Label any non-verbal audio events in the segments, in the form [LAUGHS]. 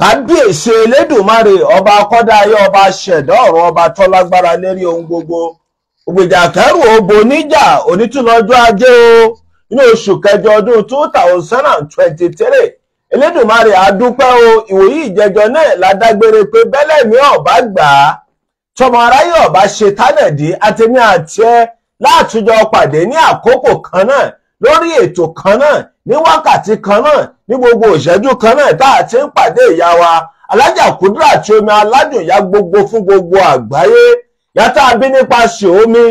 kábíyèsí elédùnmarè ọba akọ́dáyé ọba ṣẹ̀dá ọ̀run ọba tọ́lágbára lérí ohun gbogbo ògbèjà kẹrù òbò níjà onítùlọ́jọ́ ajé o inú oṣù kẹjọ ọdún two thousand and twenty three elédùnmarè àdúpẹ́ o ìwòyí ìjẹjọ náà ládágbére pé bẹ́lẹ̀ mi ọ̀bá gbà á tọmọ aráyé ọ̀bá ṣe tánàdí àtẹ̀mí àti ẹ látúnjọ pàdé ní àkókò kan náà lórí ètò kan náà ní wákàtí kan náà ní gbogbo ìṣẹ́jú kan náà tá a ti ń pàdé ìyá wa alájà kúdúrà tí omi aládùn ìyá gbogbo fún gbogbo àgbáyé yàtá abí nípa ṣe omi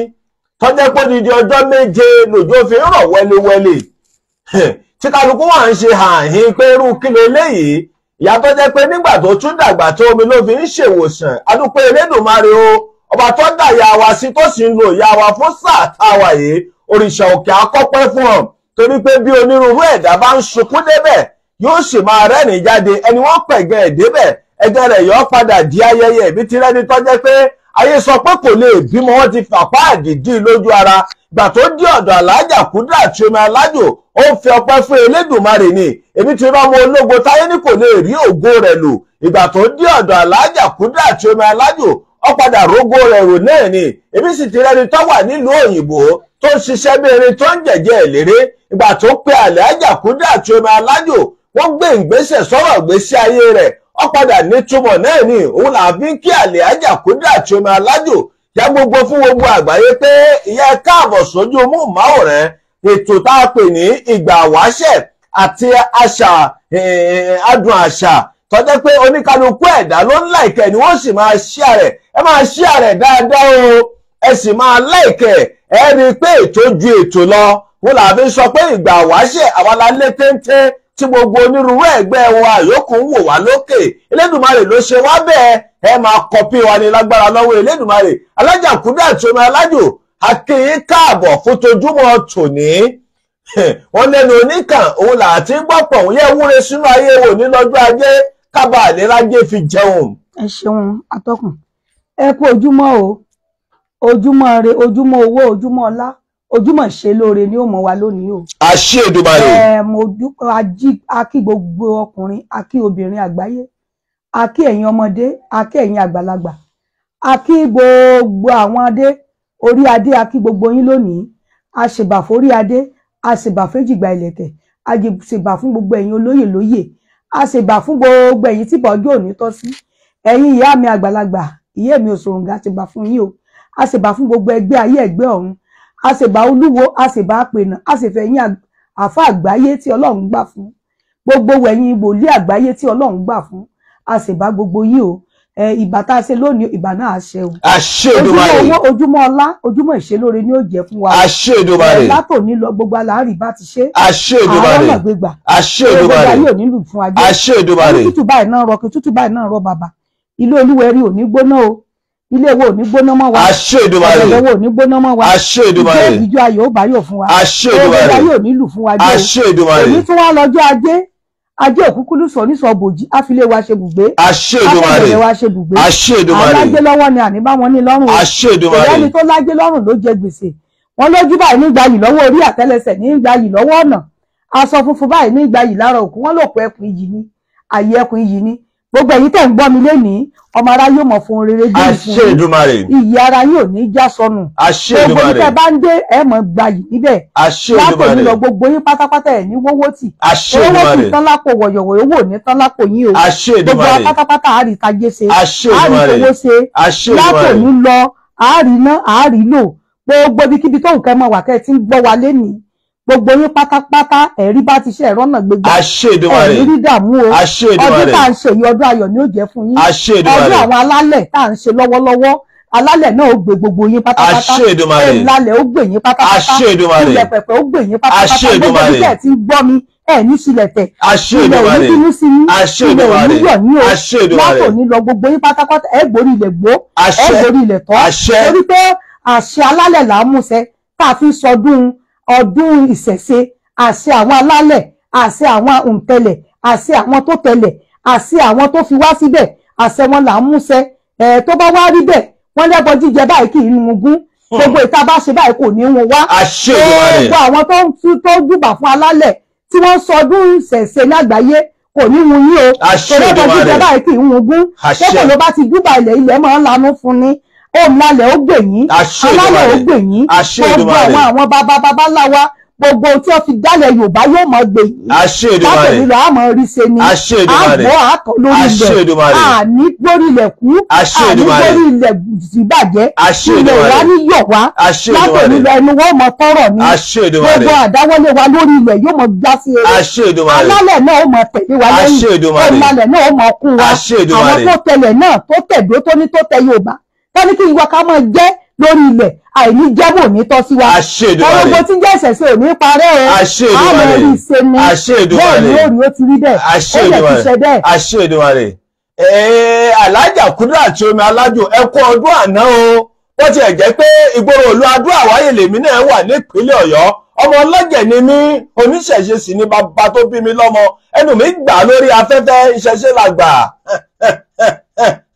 tọ́jẹ́ pé dídí ọjọ́ méje lòjò fi ń rọ̀ wẹ́lẹ́wẹ́lẹ́ tí kálukú wà ń ṣe àhín pé irú kí ló léyìí ìyàtọ̀ jẹ́ pé nígbà tó tún dàgbà tó omi ló fi ń ṣèwòsàn adúpẹ́ Elédùmarè o ọba tó dà ìyá wa sí tó sì ń lo ìyá wa fún sáà táwa yìí òrìṣà òkè akọ́pẹ́ fún ọ torí pé bí onírúurú ẹ̀dá bá ń sunkún débẹ̀ yóò sì máa rẹ́rìn jáde ẹni wọ́n pẹ̀gẹ́ ẹ̀ débẹ̀ ẹ̀jẹ̀ rẹ̀ yọ padà di ayẹyẹ ìbí ti rẹ́ni tọ́jẹ́ pé ayé sọ pé kò lè bímọ wọn ti fàpá àdìdí lójú ara gbà tó dé ọ̀dọ̀ alájà kúdà tí omi alájò ó ń fi ọpẹ́ fún elédùnmarè ni èmi ti rọ́mọ ológo táyé ní kò lè rí ògo rẹ̀ lò ìgbà tó dé ọ̀dọ̀ alájà kúdà tí omi alájò ó padà rógo rẹ̀ rò náà ni èmi sì ti rẹ́ni tó wà nílùú òyìnbó tó ń ṣiṣẹ́ bí erin tó ń jẹ̀jẹ̀ ìlérè ìgbà tó pe àlẹ́ àjàkúdà àti omi alájò wọ́n gbé ìgbésẹ̀ sọ̀rọ̀ ìgbésí ayé rẹ̀ nítumọ̀ náà ni òun là fi ń kí àlẹ́ àjàkúdà àti omi gbogbo fún gbogbo àgbáyé pé ìyá káàbọ̀ sójú mú ètò tá a pè ní ìgbà wáṣẹ̀ àti àṣà adùn àṣà tọ́jẹ́ pé ẹ̀dá ló ń láìkẹ́ ni wọ́n sì máa ṣíà ẹ o. ẹ sì máa láìkẹ̀ ẹ rí i pé ètò ju ètò lọ wọn làbí sọ pé ìgbà wáṣẹ̀ àwa la lé téńté tí gbogbo onírúurú ẹgbẹ́ wa yòókù ń wò wá lókè Elédùmarè ló ṣe wá bẹ́ẹ̀ ẹ máa kọpí wa ní lágbára lọ́wọ́ Elédùmarè Alhaja Kudirat Omi Alajo akínyín káàbọ̀ fún tojúmọ́ tòní wọn lẹ́nu oníkàn òun là ti gbọ́ pọ̀ òun yẹ wúre sínú ayé wò ní lọ́jọ́ ajé kábàlérajé fi jẹun. ẹ ṣeun atọ́kùn ẹ kú ojúmọ́ o ojúmọ́ re ojúmọ́ owó ojúmọ́ ọlá ojúmọ́ ṣe lóore ni ó mọ̀ wá lónìí o. àṣé Èdùmàrè. ẹ mo dúpẹ́ ají akí gbogbo ọkùnrin akí obìnrin àgbáyé akí ẹ̀yin ọmọdé akí ẹ̀yin àgbàlagbà akí gbogbo àwọn adé orí adé akí gbogbo yín lónìí àṣèbà forí adé àṣèbà fẹ́jìgbà ìlẹ̀kẹ̀ àṣèbà fún gbogbo ẹ̀yin olóyè lóyè àṣèbà fún gbogbo ẹ̀yin tí bọ́jú òní tọ́ sí ẹ̀yin ìyá mi àgbàlagbà ìyá mi òṣòrùngà àṣèbà fún yín o a ṣèbà fún gbogbo ẹgbẹ́ ayé ẹgbẹ́ ọ̀run a ṣèbà olúwo a ṣèbà apènà a ṣèfẹ̀yìn àfa àgbáyé tí ọlọ́run gbà fún gbogbo wẹ̀yìn wòlíì àgbáyé tí ọlọ́run gbà fún a ṣèbà gbogbo yìí o ìbà tá a ṣe lónìí ìbà náà àṣẹ o. àṣẹ Èdùmàrè ojúmọ́ owó ojúmọ́ ọlá ojúmọ́ ìṣelóore ni ó jẹ́ fún wa. àṣẹ Èdùmàrè látòní lọ gbogbo aláàrí bá ti ṣe. àṣẹ Èdùmàrè àwọn ọ̀nà gbégbà. àṣẹ Èdùmàrè gbogbo ayé òní lù fún ajé. àṣẹ Èdùmàrè tútù báyìí náà rọ kí tútù báyìí náà rọ bàbà ilé olúwẹrí òní gbóná o ilé wo ní gbóná mọ́ wa àṣẹ Èdùmàrè ilé wo ní gbóná mọ́ wa àṣẹ Èdùmàrè ìjọ ìjọ ayò ó bá yóò fún wa àṣẹ Èdùmàrè ewé yóò nílù fún wa dé àṣẹ Èdùmàrè èyí tí wọ́n lọ́jọ́ ajé ajé òkúkúlù sọ ní sọ bòjì àfilé wa ṣe bùgbé àṣẹ Èdùmàrè àfilé wa ṣe bùgbé àṣẹ Èdùmàrè alájẹ lọ́wọ́ ni àní bá wọn ní lọ́rùn àṣẹ Èdùmàrè ẹni tó lájẹ lọ́rùn ló jẹ gbèsè wọn lójú báyìí nígbà yìí lọ́wọ́ orí àtẹ́lẹsẹ̀ nígbà yìí lọ́wọ́ ọ̀nà aṣọ funfun báyìí nígbà yìí lára òkú wọn lòpọ̀ ẹkùn yìí ní àyè ẹkùn yìí ní gbogbo ẹ̀yin tẹ́ ń gbọ́ mi lénìí ọmọ ara yóò mọ̀ fún rere bí ìfún ìyá ara yóò ní já sọnù gbogbo ẹ̀yin tẹ́ bá ń dé ẹ̀ mọ̀ gba yìí níbẹ̀ lápò yìí lọ gbogbo yín pátápátá ẹ̀ ní wọ́wọ́ tì owó tì tán lápò wọ̀yọ̀wọ̀ owó ní tán lápò yín o gbogbo pátápátá àríkàjẹ́ ṣe àríkòwó ṣe lápò ní lọ àárín náà àárín lò gbogbo ibikíbi tó nǹkan mọ̀ wà kẹ́ ẹ ti ń gbọ́ wa lénìí gbogbo yín pátápátá ẹ̀rí bá ti ṣe ẹ̀rọ́nà gbégbá ẹ̀rí rí o ọdún tá à ń ṣe yìí ayọ̀ ni ó jẹ́ fún yín ọdún àwọn alálẹ̀ tá à ń ṣe lọ́wọ́lọ́wọ́ alálẹ̀ náà ó gbé gbogbo yín pátápátá ẹ̀ńlalẹ̀ ó gbé yín pátápátá ilẹ̀ pẹ̀pẹ̀ ó gbé yín pátápátá gbogbo bí tẹ̀ ti gbọ́ mi ẹ ní sílẹ̀tẹ̀ ilẹ̀ ò ní bínú sí yín ilẹ̀ ò ní yọ̀ ní o látò ní lọ gbogbo yín pátápátá ẹ gbórí ilẹ̀ gbó ẹ gbórí ilẹ̀ tọ́ torí pé àṣẹ alálẹ̀ là tá a fi sọdún ọdún ìṣẹ̀ṣe àṣẹ àwọn alálẹ̀ àṣẹ àwọn òǹtẹ̀lẹ̀ àṣẹ àwọn tó tẹ̀lẹ̀ àṣẹ àwọn tó fi wá síbẹ̀ àṣẹ wọn là ń múṣẹ ẹ tó bá wá rí bẹ́ẹ̀ wọ́n lẹ́bọ jíjẹ báyìí kì í nu gún hmm. gbogbo ìta bá ṣe báyìí kò ní wọn wá gbogbo àwọn tó ń tú tó jùbà fún alálẹ̀ tí wọ́n sọdún ìṣẹ̀ṣe lágbàáyé kò ní wọn yí o tó lẹ́bọ jíjẹ báyìí kì í nu gún tó kò ló bá ti jùbà ilẹ̀ ilẹ̀ máa ń lanú fún ni òǹlalẹ̀ ó gbè yín alálẹ̀ ó gbè yín gbogbo àwọn àwọn bàbá bàbá wa gbogbo tí wọ́n fi dálẹ̀ yorùbá yóò mọ̀ gbè yín látẹ̀lí lọ àmọ́ rí ṣe ni àbọ̀ àtọ̀ lórí ilẹ̀ àní gbórí ilẹ̀ kú àní gbórí ilẹ̀ síbàjẹ́ ilẹ̀ wa ní yọ̀ wá látẹ̀lí lọ ẹnu wọ́n mọ̀ tọrọ ni gbogbo àdáwọlé wa lórí ilẹ̀ yóò mọ̀ já sí eré alálẹ̀ náà ó mọ̀ tẹ̀lé wa lẹ́yìn ọ̀nàlẹ̀ náà ó mọ̀ kún wa àwọn tó tẹlẹ̀ náà tó tẹ̀dó tó ní tó tẹ yorùbá wọ́n kí ìwọ ká máa jẹ́ lórí ilẹ̀ àìní jẹ́bù ní tọ́ sí wa ọlọ́gbọ́n tí ń jẹ́ ìṣẹ̀ṣẹ̀ ò parẹ́ ẹ̀ àmọ́ orí bẹ́ẹ̀ ni òòrùn ó ti rí bẹ́ẹ̀ ó lè ti alájà kúndà àti omi alájò ẹ ọdún àná o wọ́n ti ẹ̀ pé ìgboro òlu adúlá wáyé lèmi náà wà nípínlẹ̀ ọ̀yọ́ ọmọ ọlọ́jẹ̀ ni mí oníṣẹ̀ṣe sì ni bàbá tó bí mi lọ́mọ ẹnu mi gbà lórí afẹ́fẹ́ ìṣẹ̀ṣe làgbà [LAUGHS]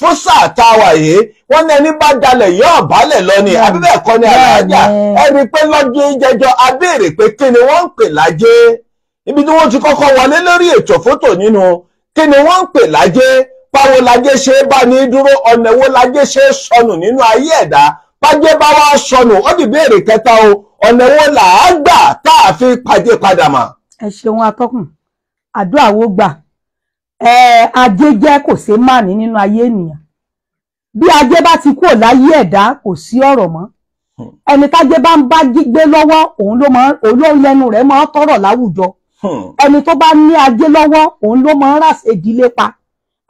fún sáà tá a wà yìí wọ́n ní ẹni bá dalẹ̀ yóò bálẹ̀ lọ ni abíbẹ̀ kọ́ ni aláàjà ẹni pé lọ́jọ́ jẹjọ́ abéèrè pé kí ni wọ́n ń pè lájẹ́ ibi tí wọ́n ti kọ́kọ́ wọlé lórí ètò fótò nínú kí ni wọ́n ń pè lájẹ́ báwo lajẹ́ ṣe bá ní dúró ọ̀nà wo lajẹ́ ṣe sọnù nínú ayé ẹ̀dá bájẹ́ bá wá sọnù ó di béèrè kẹta o ọ̀nà wo là gbà tá a fi pàdé padà mà. ẹ ṣeun atọ́kùn àdúrà wo gbà ajé jẹ́ kò ṣe má ní nínú ayé ènìyàn bí ajé bá ti kúrò láyé ẹ̀dá kò sí ọ̀rọ̀ mọ́ ẹni tájé bá ń bá gbé lọ́wọ́ òun ló máa òun ló lẹ́nu rẹ̀ máa tọrọ̀ láwùjọ ẹni tó bá ní ajé lọ́wọ́ òun ló máa rà ìdílé pa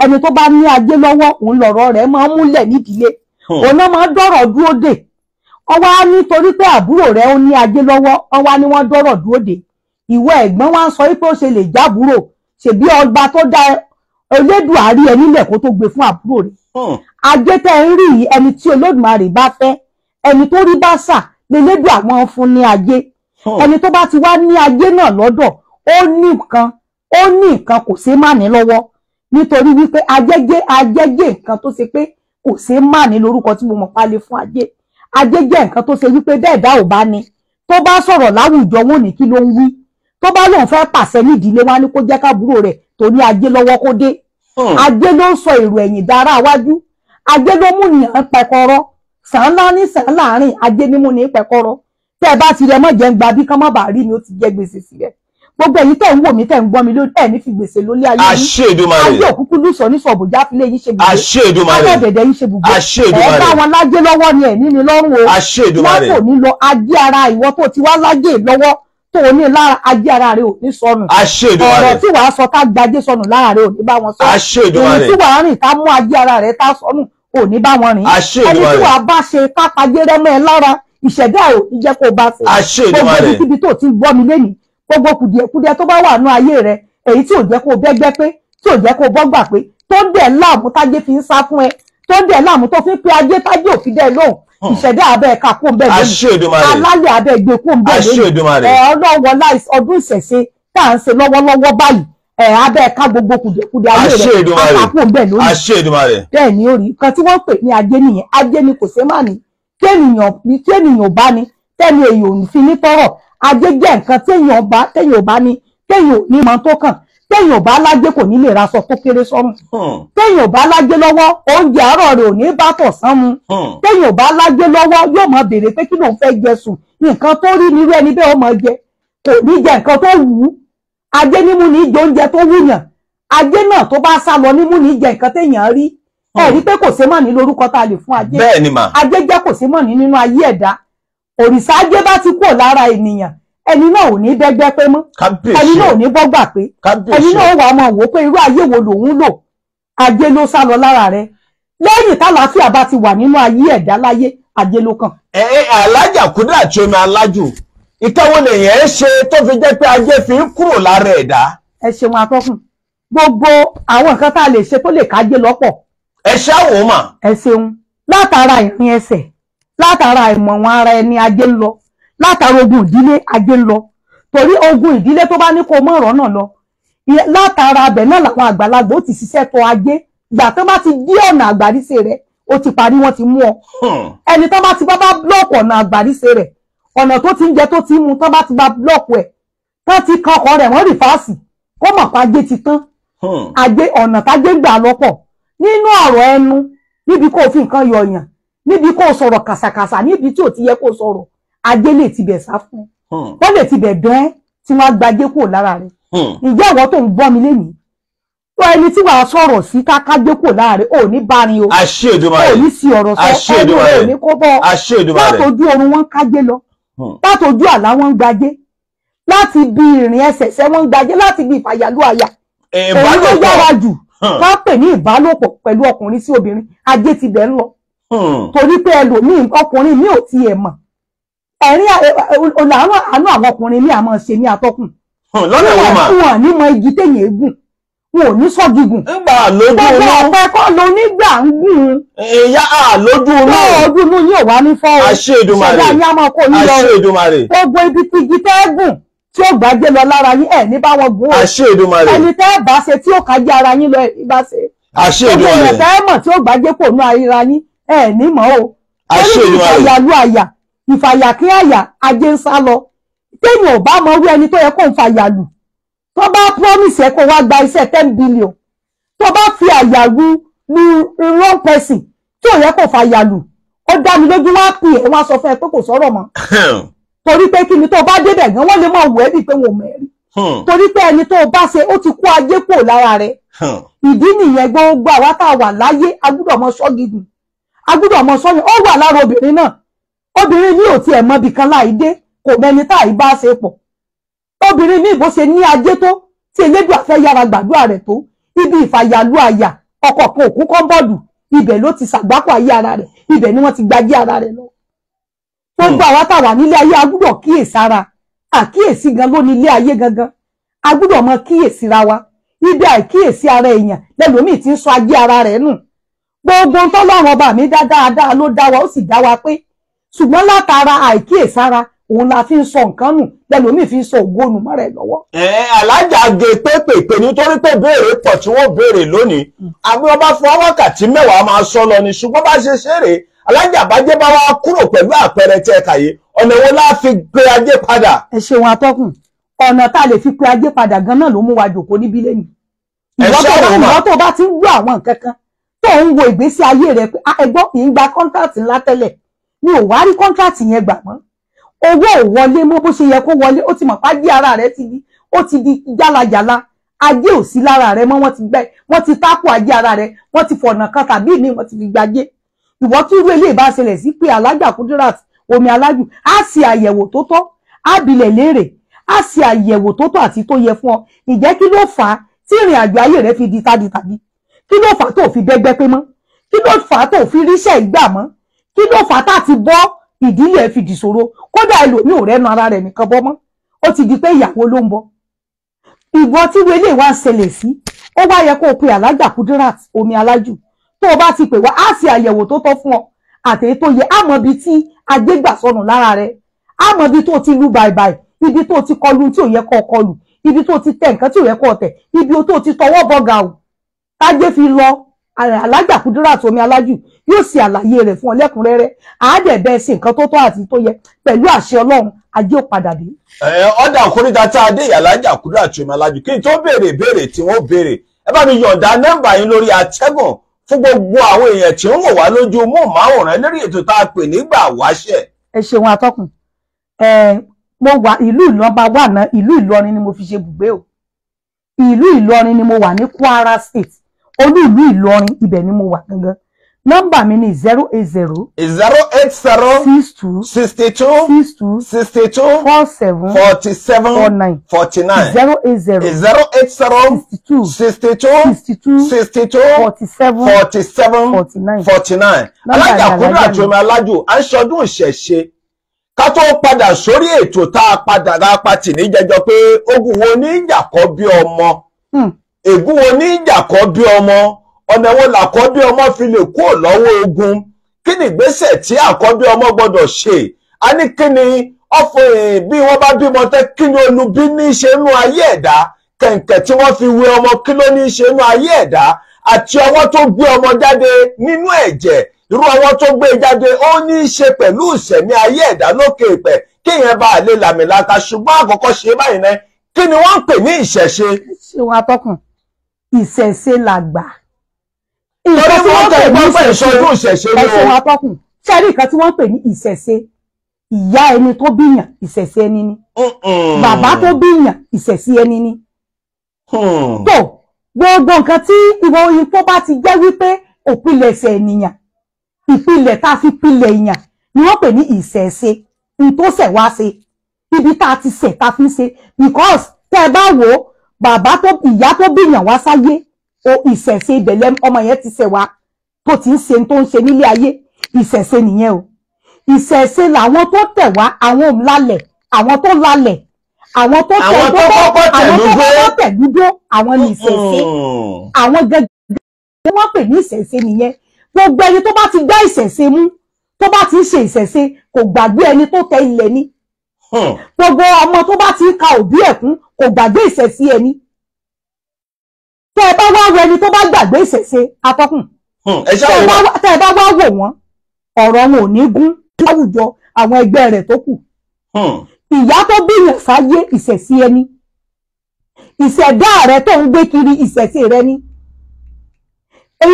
ẹni tó bá ní ajé lọ́wọ́ òun lọ̀rọ̀ rẹ̀ máa múlẹ̀ nídìílé òun náà máa dọ̀rọ̀ dúró dè ọwọ́ á nítorí pé àbúrò rẹ̀ ó ní ajé lọ́wọ́ ọwọ́ á ní wọ́n dọ̀rọ̀ dúró dè ìwọ ẹ̀gbọ́n wa ń sọ pé ó ṣe ṣèbí ọba tó dá Elédùà rí ẹ nílẹ̀ kó tó gbé fún àbúrò rẹ̀ hmm. ajé tẹ́ ń rí ẹni tí Olódùmarè bá fẹ́ ẹni tó rí bá sà lélẹ́dùà wọn fún ní ajé hmm. ẹni tó bá ti wá ní ajé náà lọ́dọ̀ ó ní nǹkan ó ní nǹkan kò ṣeé má ní lọ́wọ́ nítorí wípé ajẹ́jẹ́ ajẹ́jẹ́ nǹkan tó ṣe pé kò ṣeé má ní lórúkọ tí mo mọ̀ palẹ̀ fún ajé ajẹ́jẹ́ nǹkan tó ṣe wípé bẹ́ẹ̀ dá ò bá ní tó bá sọ̀rọ̀ láwùjọ wọn ò ní kí ló ń wí tó bá lóun fẹ́ pàṣẹ nídìílé wa ní kó jẹ́ káàbúrò rẹ̀ torí ajé lọ́wọ́ kó dé hmm. ajé ló ń sọ èrò ẹ̀yìn dára wájú ajé ló mú nìyàn pẹkọrọ sàn ńlá ní sàn láàrin ajé mímú ní pẹkọrọ tẹ́ ẹ bá ti rẹ mọ jẹ ń gba bí kán má bàa rí ni ó ti jẹ gbèsè sílẹ̀ gbogbo èyí tẹ́ ń wò mí tẹ́ ń gbọ́ mi lórí ẹ ní fi gbèsè lólé ayé yìí ayé òkúkú lùsọ ní sọ̀bù jáfilé yìí ṣe gbogbo ayé ẹ̀dẹ̀dẹ̀ yìí ṣe gbogbo ẹ̀ bá wọn lájé lọ́wọ́ ni ẹ̀ ní mi lọ́rùn o wọn kò ní lọ ajé ara ìwọ tó ti wá lájé lọ́wọ́ tó o ní lára ajé ara rẹ ò ní sọnù. àṣẹ ìdúrà rẹ ọ̀rọ̀ tí wàá sọ tá gbajé sọnù lára rẹ ò ní bá wọn sọ. àṣẹ ìdúrà rẹ èyí tí wàá rìn tá mú ajé ara rẹ tá sọnù ò ní bá wọn rìn. àṣẹ ìdúrà rẹ ẹni tí wàá bá ṣe kápajé rẹmọ ẹ lára ìṣẹ̀dá ò ní jẹ́ kó o bá ṣe. àṣẹ ìdúrà rẹ gbogbo ibi tó ti gbọ́ mi lẹ́nu gbogbo kùdìẹ̀kudẹ tó bá wà nú ayé rẹ èyí tí ò jẹ́ kó o bẹ́gbẹ́ pé tí ò jẹ́ kó o bọ́gbà pé tó ń dẹ̀ láàmú tájé fi ń sá fún ẹ tó ń dẹ̀ láàmú tó fi ń pe ajé tájé òfin dẹ̀ lóhùn ìṣẹ̀dá abẹ́ ẹ̀ka kó ń bẹ̀ lónìí alálẹ̀ abẹ́ ẹgbẹ́ kó ń bẹ̀ lónìí ẹ̀ ọlọ́wọ́ ọdún ìṣẹ̀ṣe tá à ń ṣe lọ́wọ́lọ́wọ́ báyìí ẹ̀ abẹ́ ẹ̀ka gbogbo kùdìẹ̀kudì ayé rẹ̀ aka kó ń bẹ̀ lónìí bẹ́ẹ̀ ni ó rí nǹkan tí wọ́n pè ní ajé nìyẹn ajé ni kò ṣe má ní kí ènìyàn bá ní tẹ́ni èèyàn ò fi ní tọ́rọ̀ ajé jẹ́ nǹkan téèyàn ò bá ní téèyàn ò ní mọ tó kàn téèyàn bá lágbé kò ní lè raṣọ tó kéré sọ́rùn hmm. téèyàn bá lágbé lọ́wọ́ oúnjẹ àárọ̀ rẹ̀ ò ní bá tọ̀ sán mu téèyàn bá lágbé lọ́wọ́ yóò máa béèrè pé kí lòun fẹ́ jẹ sùn nǹkan tó rí nírú ẹni bẹ́ẹ̀ ó máa jẹ kò ní jẹ nǹkan tó wù ú ajé nímú ní jẹ oúnjẹ tó wúyàn ajé náà tó bá sá lọ nímú ní jẹ nǹkan téèyàn rí hmm. ẹ rí pé kò ṣe mọ̀ ní lórúkọ tá lè fún ajé bẹ́ẹ̀ ni mà ajé jẹ́ kò ṣe mọ̀ ní nínú ayé ẹ̀dá òrìṣà ajé bá ti kúrò lára ènìyàn ẹni náà ò ní dẹ́gbẹ́ pé mọ́ ẹni náà ò ní bọ́gbà pé ẹni náà wà ọmọ wò pé irú ayé wo lòun lò ajé ló sá lọ lára rẹ̀ lẹ́yìn tálàáfíà bá ti wà nínú ayé ẹ̀dá láyé ajé ló kàn. ẹ ẹ alájà kúndà àti omi alájù ìkẹwọn lèèyàn ẹ ṣe tó fi jẹ́ pé ajé fi ń kúrò lára ẹ̀dá. ẹ ṣeun atọ́kùn gbogbo àwọn nǹkan tá a lè ṣe tó lè kájé lọ́pọ̀. ẹ ṣáwó mà. ẹ ṣeun látara ìrìn ẹsẹ̀ látara ìmọ̀wọ̀n ara ẹni ajé ń lọ látara ogun ìdílé ajé lọ torí ogun ìdílé tó bá ní kó mọ̀ náà lọ látara abẹ náà làwọn àgbàlagbà ó ti ṣiṣẹ́ tó ajé gbà tọ́ bá ti dí ọ̀nà àgbàríṣe rẹ̀ ó ti parí wọ́n ti mú ọ hmm. ẹni tán bá ti bá bá blọọkù ọ̀nà rẹ ọ̀nà tó ti ń tó ti mu bá ti bá blọọkù tó ti kan ọkọ rẹ̀ wọ́n kó ajé lè tibẹ̀ sá fún hmm. wọ́n lè tibẹ̀ dán ẹ́ tí wọ́n á gbajé kúrò lára rẹ̀ ìjẹ́ hmm. ìwọ tó ń gbọ́ mi lénìí tó ẹni tí wàá sọ̀rọ̀ sí káká gbé kúrò lára rẹ̀ ò ní bárin o ò ní sí ọ̀rọ̀ sọ ẹni ò ní kó bọ́ látòjú oorun wọn kájé lọ hmm. látòjú àlá wọn gbajé láti bí ìrìn ẹsẹ̀ ṣẹ́ wọn gbajé láti bí ìfàyàlú àyà èyí ló yára jù ká pè ní ìbálòpọ̀ pẹ̀lú ọkùnrin sí obìnrin ajé ti bẹ̀ ń lọ torí pé ẹlòmíì ọkùnrin mi ò tiẹ̀ mọ̀ ẹ̀rí àánú àwọn ọkùnrin ní àmọ́ ṣe ní atọ́kùn. lọ́nà wọn mà wọn ní mọ igi téèyàn gùn wọn ò ní sọ gígùn. ńgbà lójú inú gbogbo ọ̀pẹ kọ́ ló nígbà ń gùn. ìyá àlójú inú. bẹ́ẹ̀ ọdún inú yóò wá ní fọ́ọ̀rọ̀. àṣẹ Èdùmàrè ṣẹ̀dá ni a máa kó yín lọ. àṣẹ Èdùmàrè. gbogbo ibi tí igi tẹ́ gùn tí ó gbàgbé lọ lára yín ẹ̀ ní bá wọn gùn. àṣẹ Èdùmàrè. ẹni tẹ́ bá ṣe tí ó kájí ara yín lọ ẹ̀ bá ṣe. àṣẹ Èdùmàrè. ọjọ́ tẹ́ mọ̀ tí ó gbàgbé pò ìfàyàkín àyà ajé ń sá lọ téèyàn ò bá mọ irú ẹni tó yẹ kó ń fàyà lù tó bá promise ẹ kó wá gba iṣẹ́ ten billion tó bá fi àyà lu lu wrong person tí ò yẹ kó fàyà lù ó dá mi lójú wá pè é wá sọ fún ẹ pé kò sọ̀rọ̀ mọ́ torí pé kí ni tó bá débẹ̀ gan wọ́n lè mọ̀ wẹ́ bí pé wọ́n mẹ́rin hmm. torí pé ẹni tó bá ṣe ó ti kó ajé kò lára rẹ̀ hmm. ìdí nìyẹn gbogbo àwa tá a wà láyé a gbúdọ̀ mọ sọ́gidì a gbúdọ̀ mọ sọ́yìn ó wà lára obìnrin náà obìnrin ní òtí ẹ̀ mọ́bi kan láì dé kò mẹ́ni tá àì bá ṣe pọ̀ obìnrin ní ìbò ṣe ní ajé tó tí elédùn àfẹ́ yára gbàdúrà rẹ̀ tó ibi ìfàyàlú àyà ọkọ̀ kan òkú kan bọ́ọ̀dù ibẹ̀ ló ti ṣàgbákò ayé ara rẹ̀ ibẹ̀ ni wọ́n ti gbajé ara rẹ̀ lọ. gbogbo àwa tá a wà nílé ayé a gbúdọ̀ kíyèsí ara àkíyèsí gan ló ní ilé ayé gangan a gbúdọ̀ mọ kíyèsí ra wa ibi àìkíyèsí ara èèyàn lẹ́lòmíì ti ń sọ ajé ara rẹ̀ nù gbogbo ohun tọ́lọ́run ọba mi dá dáadáa ló dá wa ó sì dá wa pé ṣùgbọ́n látara àìkíyèsára òun la fi ń sọ nǹkan nù lẹ́lòmíì fi ń sọ ògbónu mọ́rẹ̀ lọ́wọ́. ẹ alájàgé pépèpé nítorí pé béèrè pọ̀ tí wọ́n béèrè lónìí hmm. àbí ọba fún wákàtí mẹ́wàá máa sọ lọ ni ṣùgbọ́n bá ṣe ṣeré alájàbájẹ́ bá wá kúrò pẹ̀lú àpẹẹrẹ tẹ kàyé ọ̀nà wo la fi gbé ajé padà. ẹ ṣeun atọ́kùn ọ̀nà tá a lè fi pe ajé padà gan-an ló mú wa jòkó níbí lẹ́nu. ìwọ mi ò wá rí kọ́ńtrátì yẹn gbà mọ́ owó ò wọlé mọ́ bó ṣe yẹ kó wọlé ó ti mọ̀ pàdé ara rẹ̀ ti di ó ti di jálajàla ajé ò sí lára rẹ̀ mọ́ wọ́n ti gbẹ wọ́n ti tákù ajé ara rẹ̀ wọ́n ti fọ̀nà kan tàbí ìmí wọ́n ti fi gbajé ìwọ tí irú eléyìí bá ṣẹlẹ̀ sí pé alájà Kudirat omi alájù á ṣe àyẹ̀wò tó tọ́ á bilẹ̀ léèrè á ṣe àyẹ̀wò tó tọ́ àti tó yẹ fún ọ ǹjẹ́ kí ló fà á tí ìrìn àjò ayé rẹ̀ fi di tádìtàbí kí ló fà á tó fi dẹ́gbẹ́ pé mọ́ kí ló fà á tó fi ríṣẹ́ ìgbà mọ́ kí ló fà tá ti bọ́ ìdílé ẹ̀ fi dìṣòro kódà ẹlòmíì ò rẹ́nu ara rẹ̀ nìkan bọ́ mọ́ ó ti di pé ìyàwó ló ń bọ́ ìbọ tí wọlé wa ń ṣẹlẹ̀ sí ó wá yẹ kó o pe alájà Kudirat omi alájù tó o bá ti pè wá á ṣe àyẹ̀wò tó tọ́ fún ọ àtẹ̀yẹ tó yẹ àmọ́bi tí agbégbà sọnù lára rẹ̀ àmọ́bi tó ti lù bàìbàì ibi tó ti kọlu tí ò yẹ kó kọlu ibi tó ti tẹ nǹkan tí ò yẹ kó tẹ ibi tó ti tọwọ́ bọ̀gà ò tájé fi lọ alájà Kudirat omi alájù yóò ṣe àlàyé rẹ̀ fún ọ lẹ́kùnrẹ́rẹ́ àádẹbẹ sí nǹkan tó tọ́ àti tó yẹ pẹ̀lú àṣẹ Ọlọ́run ajé ò padà dé. ọ̀dà àkóríta tá a dé alájà Kudirat omi alájù kí n tó béèrè béèrè tí wọ́n béèrè ẹ bá mi yọ̀ǹda nẹ́mbà yín lórí àtẹ́gùn fún gbogbo àwọn èèyàn tí ń wò wá lójú móhùnmáwòrán lórí ètò tá a pè nígbà wáṣẹ. ẹ ṣeun atọ́kùn mo wà ìlú ìlọba wà ná ìlú Ìlọrin ni mo fi ṣe bùgbé o ìlú Ìlọrin ni mo wà ní Kwara State olú ìlú Ìlọrin ibẹ̀ ni mo wà gangan nọ́mbà mi ni zero eight zero. zero eight zero. six two. sixty two. six two. sixty two. four seven. forty seven. four nine. forty nine. zero eight zero. zero eight zero. sixty two. sixty two. sixty two. sixty two. forty seven. forty seven. forty nine. forty nine. alájà Kudirat Omi Alájù à ń ṣọdún ìṣẹ̀ṣe ká tó padà sórí ètò tá a padà rà pati níjẹjọ pé ogun wo ní ìyàkọ́ bí ọmọ. Hmm ègún wo ní ìjàkọ́ bí ọmọ ọ̀nà wo làkọ́bí ọmọ fi lè kúrò lọ́wọ́ ogun kí ni ìgbésẹ̀ tí àkọ́bí ọmọ gbọ́dọ̀ ṣe a ní kí ni ọ̀fọ̀ bí wọ́n bá bímọ tẹ́ kí ni olùbí ní í ṣe nú ayé ẹ̀dá kẹ̀ǹkẹ̀ tí wọ́n fi wé ọmọ kí ló ní í ṣe nú ayé ẹ̀dá àti ọwọ́ tó gbé ọmọ jáde nínú ẹ̀jẹ̀ irú ọwọ́ tó gbé e jáde ó ní í ṣe pẹ̀lú ìṣẹ̀mí ayé ẹ̀dá lókè ìpẹ̀ kí ìyẹn bá lè làmìlaka ṣùgbọ́n àkọ́kọ́ ṣe báyìí náà kí ni wọ́n ń pè ní ìṣẹ̀ṣe. ṣé wọn atọ́kùn ìṣẹ̀ṣe làgbà. ìṣẹ̀ṣe wọ́n pè ní ìṣẹ̀ṣe ẹ̀sìn wọn atọ́kùn ṣẹ́rí nǹkan tí wọ́n pè ní ìṣẹ̀ṣe ìyá ẹni tó bíyàn ìṣẹ̀ṣe ẹni ni bàbá tó bíyàn ìṣẹ̀ṣe ẹni ni. Hmm. tó gbogbo nǹkan tí ìwọ oyin tó bá ti jẹ́ wípé òpilẹ̀ṣẹ̀ ènìyàn ìpìlẹ̀ tá a fi pilẹ̀ èèyàn ni wọ́n pè ní ìṣẹ̀ṣe n tó ṣẹ̀ wá ṣe ibi tá a ti ṣẹ̀ tá a fi ṣe because tẹ́ ẹ bá wò ó bàbá tó ìyá tó bìyàn wá sáyé o ìṣẹ̀ṣe ìbẹ̀lẹ̀ ọmọ yẹn ti ṣẹ̀ wá tó ti ń ṣe tó ń ṣe nílé ayé ìṣẹ̀ṣe nìyẹn o ìṣẹ̀ṣe làwọn tó tẹ̀ wá àwọn ò lálẹ̀ àwọn tó lálẹ̀ àwọn tó tẹ̀ dúdó àwọn tó kọ́kọ́ tẹ̀ dúdó àwọn ní ìṣẹ̀ṣe mm-hmm. àwọn gẹ́gẹ́ wọ́n pè ní ìṣẹ̀ṣe nìyẹn gbogbo ẹni tó bá ti gbá ìṣẹ̀ṣe mú tó bá ti ń ṣe ìṣẹ̀ṣe kò gbàgbé ẹni tó tẹ ilẹ̀ ni hmm. gbogbo ọmọ tó bá ti ń ka òbí ẹ̀ kún kò gbàgbé ìṣẹ̀ṣe ẹni tẹ́ ẹ bá wá wo ẹni tó bá gbàgbé ìṣẹ̀ṣe atọ́kùn hmm, tẹ́ ẹ bá wá wò wọ́n ọ̀rọ̀ wọn ò ní gún láwùjọ àwọn ẹgbẹ́ rẹ̀ tó kù hmm. ìyá tó bíyàn sáyé ìṣẹ̀ṣe ẹni ìṣẹ̀dá rẹ tó ń gbé kiri ìṣẹ̀ṣe rẹ ni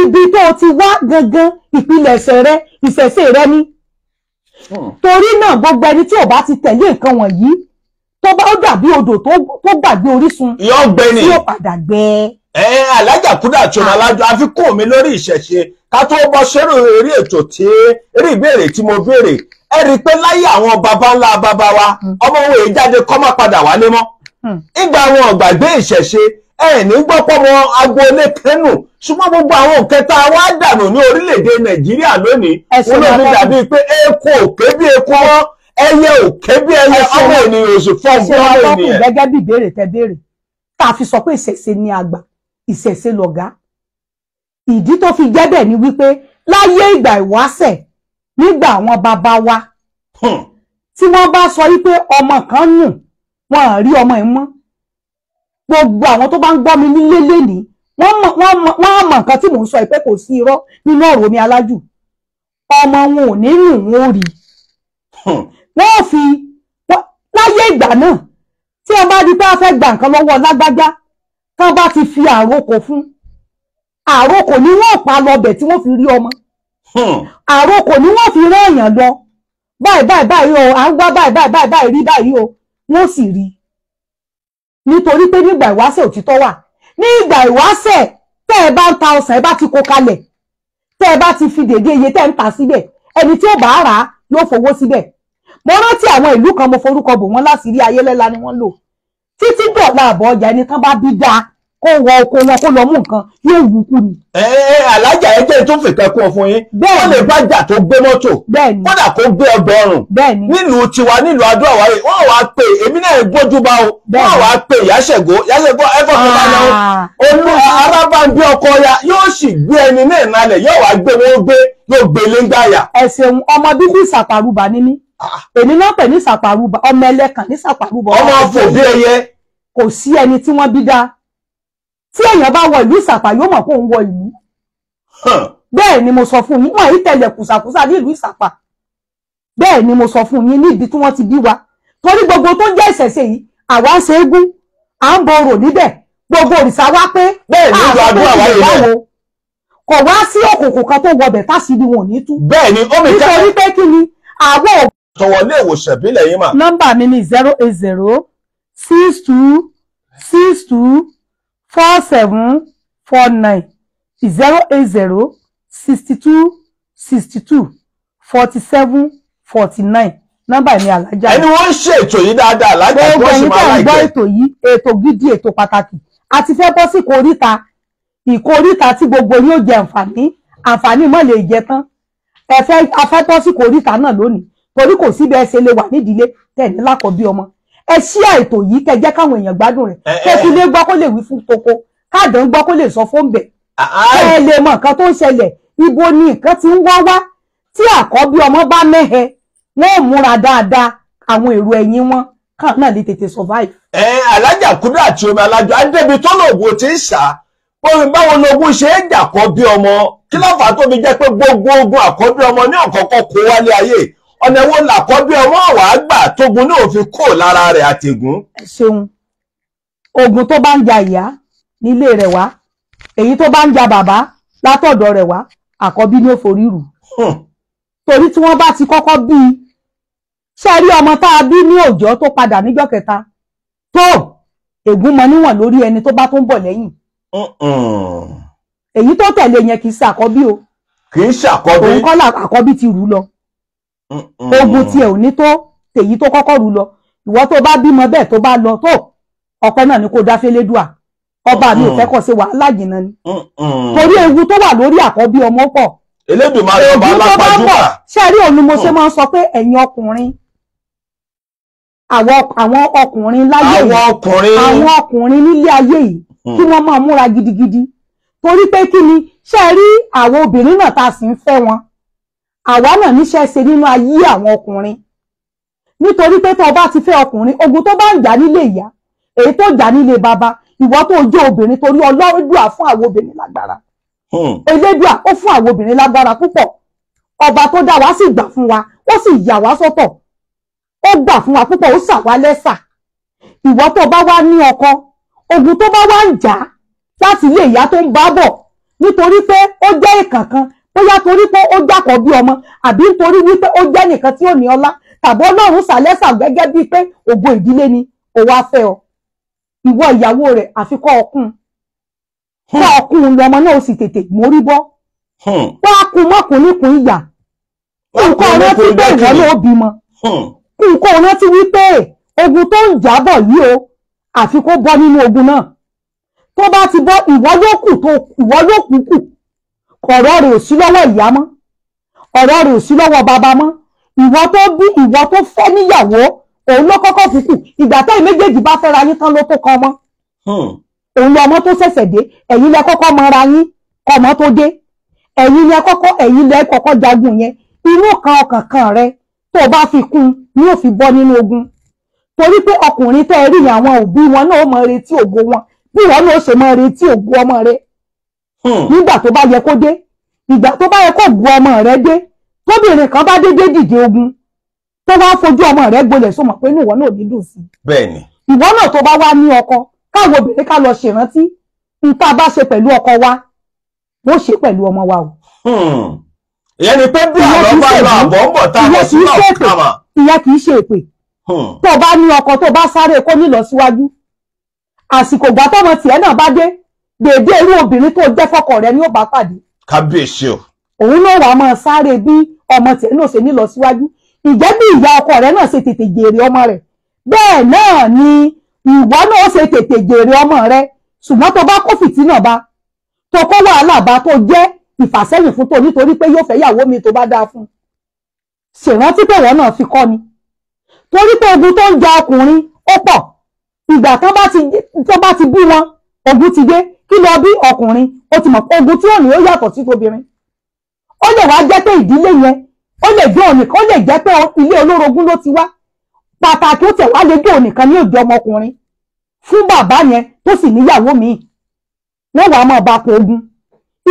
ibi tó o ti wá gangan ìpilẹ̀ṣẹ̀ rẹ ìṣẹ̀ṣe rẹ ni hmm. torí náà gbogbo ẹni tí ò bá ti tẹ̀lé nǹkan wọ̀nyí tó bá ó dàbí odò tó gbàgbé orísun yóò gbẹ ni tí yóò padà gbẹ. ẹ alájà kúdà tó ní ah. alájọ àfi kó mi lórí ìṣẹ̀ṣe ká tó bọ́ sẹ́rù eré ètò tí eré ìbéèrè tí mo béèrè ẹ rí i pé láyé àwọn baba ńlá baba wa hmm. ọmọ òun èyí jáde kọ́ má padà wálé mọ́ hmm. ìgbà àwọn ọ̀gbàgbé ìṣẹ̀ṣe ẹ ní gbọ́ pọ́mọ agboolé kẹ́nù ṣùgbọ́n gbogbo àwọn òkẹta wa dànù ní orílẹ̀-èdè nàìjíríà lónìí wọn ló fi dàbí pé eku òkè bí eku wọn ẹyẹ òkè bí ẹyẹ ọmọ ènìyàn oṣù fún ọmọ ènìyàn. ṣé wàá tọ́kùn gẹ́gẹ́ bí ìbéèrè tẹ béèrè tá a fi sọ pé ìṣẹ̀ṣe ni àgbà ìṣẹ̀ṣe lọ̀gá ìdí tó fi jẹ́ bẹ́ẹ̀ ni wípé láyé ìgbà ìwáṣẹ̀ nígbà àwọn bàbá wa hmm. tí wọ́n bá sọ wípé ọmọ kan nù wọn à rí ọmọ ẹ̀ mọ́ gbogbo àwọn tó bá ń gbọ́ mi nílé lénìí wọ́n á mọ̀ nǹkan tí mò ń sọ ìpẹ́ kò sí irọ́ nínú ọ̀rọ̀ mi alájù ọmọ wọn ò ní nù wọn ò rí hmm wọ́n ò fi láyé ìgbà náà tí wọ́n bá di pé wọ́n fẹ́ gba nǹkan lọ́wọ́ lágbájá tí wọ́n bá ti fi àròkò fún àròkò ni wọ́n pa lọ́bẹ̀ tí wọ́n fi rí ọmọ hmm. àròkò ni wọ́n fi rán èèyàn lọ báyìí báyìí báyìí o à ń wá báyìí báyìí báyìí báyìí rí báyìí o wọ́n sì rí nítorí pé nígbà ìwáṣẹ̀ òtítọ́ wà ní ìgbà ìwáṣẹ̀ tẹ́ ẹ bá ń ta ọsàn ẹ bá ti kó kalẹ̀ tẹ́ ẹ bá ti fi dèdè iye tẹ́ ń ta síbẹ̀ ẹni tí ó bá rà á yóò fowó síbẹ̀ mo rántí àwọn ìlú kan mo forúkọ bò wọ́n láti rí ayé lẹ́la ni wọ́n lò títí dọ̀la àbọ̀ ọjà ẹni tán bá bí dáa kó wọ oko wọn kó lọ mú nǹkan yóò wù kú ni. ẹ ẹ alájà ẹjẹ tó fìkan kún ọ fún yín. bẹ́ẹ̀ni wọn lè bá jà tó gbé mọ́tò. bẹ́ẹ̀ni kódà kó gbé ọgọ́rùn. bẹ́ẹ̀ni nílùú tiwa nílùú adó àwárí wọn wàá pè èmi náà gbójú bá o. bẹ́ẹ̀ni wọn wàá pè yàṣẹgó yàṣẹgó ẹfọ tó bá lọ. Ah. olú arábàǹbí ọkọ ya yóò sì gbé ẹni náà nalẹ̀ yóò wàá gbé wọn gbé yóò gbé léńgbàyà. ẹ ṣeun ọmọ bíbí ìsàpàrùbà ni mí èmi náà pè ní sàpàrúbọ ọmọ ẹlẹ́kàn ní sàpàrúbọ ọmọ àfòbí ẹyẹ kò sí ẹni tí wọ́n bí dá tí èèyàn bá wọ ìlú ìsàpà yóò mọ̀ pé òun wọ ìlú bẹ́ẹ̀ ni mo sọ fún yín wọ́n yìí tẹ̀lé kùsàkùsà ní ìlú ìsàpà bẹ́ẹ̀ ni mo sọ fún yín níbi tí wọ́n ti bí wa torí gbogbo tó jẹ́ ìṣẹ̀ṣe yìí àwa ń ṣe égún à ń borò níbẹ̀ gbogbo òrìṣà wa pé bẹ́ẹ̀ ni ìlú báwo kò wá sí òkùnkùn kan tó wọbẹ̀ tọwọ́ ilé ìwòsàn ìbílẹ̀ yìí mà. nọ́mbà mi ni zero eight zero six two six two four seven four nine zero eight zero sixty two sixty two forty seven forty nine nọ́mbà mi alájà. ẹni wọ́n ń ṣe ètò yìí dáadáa alájà tó ṣe máa láìpẹ́. gbogbo ẹni tó ń ètò yìí ètò gidi ètò pàtàkì àti fẹ́ bọ́ sí ìkóríta ìkóríta tí gbogbo yóò jẹ àǹfààní àǹfààní mọ́ lè jẹ tán ẹ̀fẹ́ afẹ́tọ́ sí ìkóríta náà lónìí torí kò sí bẹ́ẹ̀ ṣe lè wà nídìílé tẹ̀ ní lákọ̀ọ́bí ọmọ ẹ ṣí àìtò yìí kẹ jẹ́ káwọn èèyàn gbádùn rẹ̀ kẹ fi lé gbọ́ kó lè wí fún koko káàdán gbọ́ kó lè sọ fún bẹ̀ kẹ lè mọ nǹkan tó ń ṣẹlẹ̀ ibo ni nǹkan ti ń wá wá tí àkọ́bí ọmọ bá mẹ́hẹ wọn ò múra dáadáa àwọn èrò ẹ̀yìn wọn kàn náà lè tètè survive. ẹ alájà kúndà àti omi alájọ adébí tó lòògùn ti ń ṣá báwo lóògùn ṣe é jà kọ́ bí ọmọ kí láǹfà tó fi pé gbogbo ogun àkọ́bí ọmọ ní ọ̀kọ̀ọ̀kan kó wálé ayé ọ̀nà wo làkọ́bí ọmọ wà á gbà tógun náà fi kó lára rẹ̀ àtẹ̀gùn. ẹ ṣeun ogun tó bá ń ja ìyá nílé rẹ̀ wá èyí tó bá ń ja bàbá látọ̀dọ̀ rẹ̀ wá àkọ́bí ní òforí rù. torí tí wọ́n bá ti kọ́kọ́ bí i ṣe rí ọmọ tá a bí ní òòjọ́ tó padà níjọ́ kẹta tó ègún mọ níwọ̀n lórí ẹni tó bá tó ń bọ̀ lẹ́yìn. èyí tó tẹ̀lé yẹn kì í ṣe àkọ́bí o. kì í ṣàkọ́bí. òun kọ́ àkọ́bí ti rù lọ ogun tiẹ̀ ò ní tó tèyí tó kọ́kọ́ rú lọ ìwọ tó bá bímọ bẹ́ẹ̀ tó bá lọ tó ọpẹ́ náà ni kò dá fẹ́lẹ́dùà ọba mi ò fẹ́ kọ̀ sí wàhálà jìnnà ni torí ewu tó wà lórí àkọ́bí ọmọ pọ̀ Elédùmarè ọba alápàjùkà ṣe rí òun ni mo ṣe mm. máa ń sọ pé ẹ̀yin ọkùnrin àwọn ọkùnrin láyé yìí àwọn ọkùnrin nílé ayé yìí mm. kí wọ́n máa múra gidigidi torí pé kí ni ṣe rí àwọn obìnrin náà tá a ń fẹ́ wọn àwa náà níṣẹ́ ṣe nínú ayé àwọn ọkùnrin nítorí pé tó o bá ti fẹ́ ọkùnrin ogun tó bá ń jà nílé ìyá èyí tó jà nílé bàbá ìwọ tó jẹ́ obìnrin torí ọlọ́dúà fún àwọn obìnrin lágbára hmm. elédùà ó fún àwọn obìnrin lágbára púpọ̀ ọba tó dá wa sì gbà fún wa ó sì yà wá sọ́tọ̀ ó gbà fún wa púpọ̀ ó sà wá lẹ́sà ìwọ tó bá wá ní ọkọ ogun tó bá wá ń jà láti ilé ìyá tó ń bá bọ̀ nítorí pé ó jẹ́ ìkànkan bóyá torí pé ó jàkọ̀ bí ọmọ àbí nítorí wípé ó jẹ́ nìkan tí ò ní ọlá tàbí ọlọ́run sàlẹ́sà gẹ́gẹ́ bíi pé ògo ìdílé ni òwò afẹ́ ọ ìwọ ìyàwó rẹ̀ àfikọ́ ọkùn kọ́ ọkùn lọmọ hmm. náà ó sì tètè mórí bọ́ wọ́n hmm. á kun mọ́kùnrinkùn ìyà nǹkan rántí pé ìwọ ló bímọ hmm. nǹkan rántí wípé ogun tó ń jábọ̀ yìí o àfi kó bọ́ nínú ogun náà tó bá ti bọ́ ìwọ yóò kù kù ọ̀rọ̀ rẹ̀ ò sí lọ́wọ́ ìyá mọ́ ọ̀rọ̀ rẹ̀ ò sí lọ́wọ́ bàbá mọ́ ìwọ tó bí ìwọ tó fẹ́ níyàwó òun ló kọ́kọ́ kúkú ìgbà táyì méjèèjì bá fẹ́ra yín tán ló tó kan ọmọ hmm. òun lọ ọmọ tó ṣẹ̀ṣẹ̀ dé ẹ̀yin lẹ kọ́kọ́ mọra yín kọmọ tó dé ẹ̀yin lẹ kọ́kọ́ ẹ̀yin lẹ kọ́kọ́ jagun yẹn inú kan ọkàn kan rẹ tó bá fi kún ni ó fi bọ́ nínú ogun torí pé ọkùnrin tẹ́ rí àwọn òbí wọn náà mọ retí ògo wọn bí wọn náà ṣe mọ retí ògo ọmọ rẹ̀ Hmm. nígbà tó bá yẹ kó dé ìgbà tó bá yẹ kó gun ọmọ rẹ dé tóbìnrin kan bá dédé dìde ogun tó wá fojú ọmọ rẹ gbolẹ̀ sọmọ pé inú ìwọ náà ní dùn sí. bẹ́ẹ̀ni. ìwọ náà tó bá wá ní ọkọ káwọn obìnrin ká lọ ṣèrántí nǹkan bá ṣe pẹ̀lú ọkọ wa ló ṣe pẹ̀lú ọmọ wa o. Hmm. ìyẹn ni pé bí àlọ́ bá lọ àbọ̀ ń bọ̀ tá a lọ sí náà kàmà. ìyẹn kì í ṣe èpè hmm. tó bá ní ọkọ tó bá sáré kó nílọsíwájú àsìkò ìgbà tọmọ tìẹ náà bá dé dèdè irú obìnrin tó jẹ́ fọ́kọ rẹ̀ ni ó bá pàdé. kábíyèsí o. òun náà wàá máa sáré bí ọmọ tiẹ̀ náà ṣe ní lọ síwájú ìjẹ́ bí ìyá ọkọ rẹ̀ náà ṣe tètè jèrè ọmọ rẹ̀ bẹ́ẹ̀ náà ni ìwọ náà ṣe tètè jèrè ọmọ rẹ̀ ṣùgbọ́n tó bá kó fìtínà bá tó kó wàhálà bá tó jẹ́ ìfàsẹ́yìn fún tó nítorí pé yóò fẹ́ yàwó mi tó bá dáa fún un ṣèrántí pé ìwọ náà fi kọ́ ni torí pé ogun tó ń ja ọkùnrin ó pọ̀ ìgbà tó bá ti bí wọn ogun ti dé kí lọ bí ọkùnrin ó ti mọ̀ pé ogun tí òní ó yàtọ̀ sí tobìnrin ó lè wá jẹ́ pé ìdílé yẹn ó lè jẹ́ òní kan ó lè jẹ́ pé ilé olórogún ló ti wá pàtàkì ó tẹ̀ wá lè jẹ́ òní kan ní òjò ọmọkùnrin fún bàbá yẹn tó sì níyàwó míì wọ́n wàá máa ba kó ogun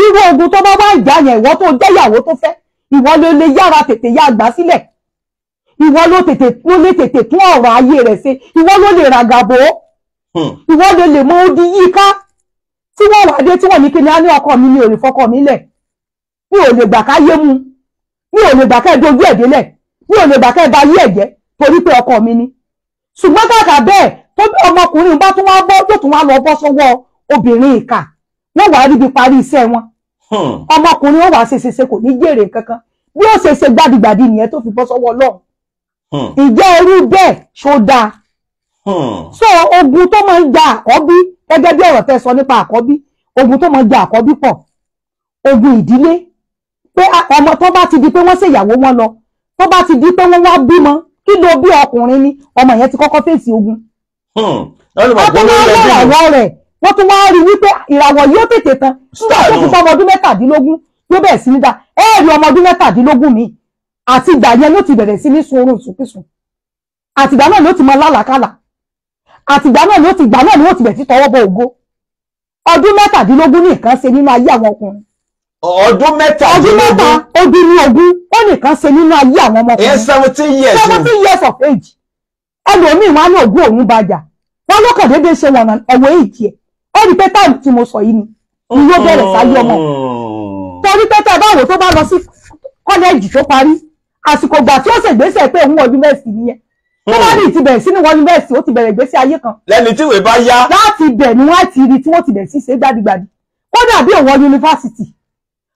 irú ogun tó bá wá ìjà yẹn ìwọ tó jẹ́yàwó tó fẹ́ ìwọ ló lè yára tètè yá gbà sílẹ̀ ìwọ ló tètè ló lè tètè tún ọ̀rọ̀ ayé rẹ̀ ṣe ìwọ ló lè ràgàbó hmm. ìwọ ló lè mọ odi yíká tí wọ́n wà dé tí wọ́n ní kíni a ní ọkọ mi mi ò lè fọkọ mi lẹ̀ mi ò lè gbà ká yé mu mi ò lè gbà ká dojú ẹ̀ délẹ̀ mi ò lè gbà ká ba yé ẹ̀jẹ̀ torí pé ọkọ mi ni ṣùgbọ́n kàkà bẹ́ẹ̀ tó bí ọmọkùnrin bá tún wá bọ́ yóò tún wá lọ bọ́ sọ́wọ́ obìnrin ìkà wọ́n wàá ríbi parí iṣẹ́ wọn hmm. ọmọkùnrin ó wàá ṣe ṣe ṣe kò ní jèrè kankan bí ó ṣe ṣe gbàdìgbàdì nìyẹn tó fi bọ́ sọ́wọ́ Ọlọ́run hmm. ǹjẹ́ irú bẹ́ẹ̀ ṣó dáa hmm. so ogun tó máa ń gba àkọ́bí gẹ́gẹ́ bí ọ̀rọ̀ tẹ́ sọ nípa àkọ́bí ogun tó máa ja àkọ́bí pọ̀ ogun ìdílé pé ọmọ tó bá ti di pé wọ́n ṣèyàwó wọn lọ tó bá ti di pé wọ́n wá bímọ kí ló bí ọkùnrin ni ọmọ yẹn ti kọ́kọ́ fèsì ogun. Hmm. wọ́n tún wá rí ìràwọ̀ rẹ̀ wọ́n tún wá rí wípé ìràwọ̀ yóò tètè tán nígbà tó fi ọmọ ọdún mẹ́tàdínlógún yóò bẹ̀rẹ̀ sí ní dá ẹ̀ẹ́rì ọmọ ọdún mẹ́tàdínlógún mi àti ìgbà yẹn ló ti bẹ̀rẹ̀ sí ní sun oorun sùkísùn àtìgbà àtìgbà náà ni ó ti gbà náà ni ó ti bẹ̀ sí tọwọ́ bọ ògo ọdún mẹ́tàdínlógún ní nǹkan ṣe nínú ayé àwọn ọkùnrin. ọdún mẹ́tàdínlógún ọdún mẹ́ta ọdún ní ogún ó nìkan ṣe nínú ayé àwọn ọmọkùnrin. ẹ seventeen years old seventeen years of age ẹlòmíì wọn á ní ogún òun bàjá wọn lọ́kàn déédéé ṣe wọn ọ̀wọ́ èjì ẹ̀ ó rí pé táìmù tí mo sọ yìí ni ni yóò bẹ̀rẹ̀ sáyé ọmọ hmm. torí pé tẹ́ báwo tó bá lọ sí kọ́lẹ́ẹ̀jì tó parí àsìkò ìgbà tí ó ṣègbésẹ̀ pé òun ọdún mẹ́sìn nìyẹn tọ́lárì ti bẹ̀rẹ̀ sínú wọnú bẹ́ẹ̀sì ó ti bẹ̀rẹ̀ ìgbésí ayé kan. lẹ́ni tí ìwé bá yá. láti ibẹ̀ ni wọ́n ti rí tí wọ́n ti bẹ̀rẹ̀ sí ṣe gbadigbadi kódà bí òwò yunifásitì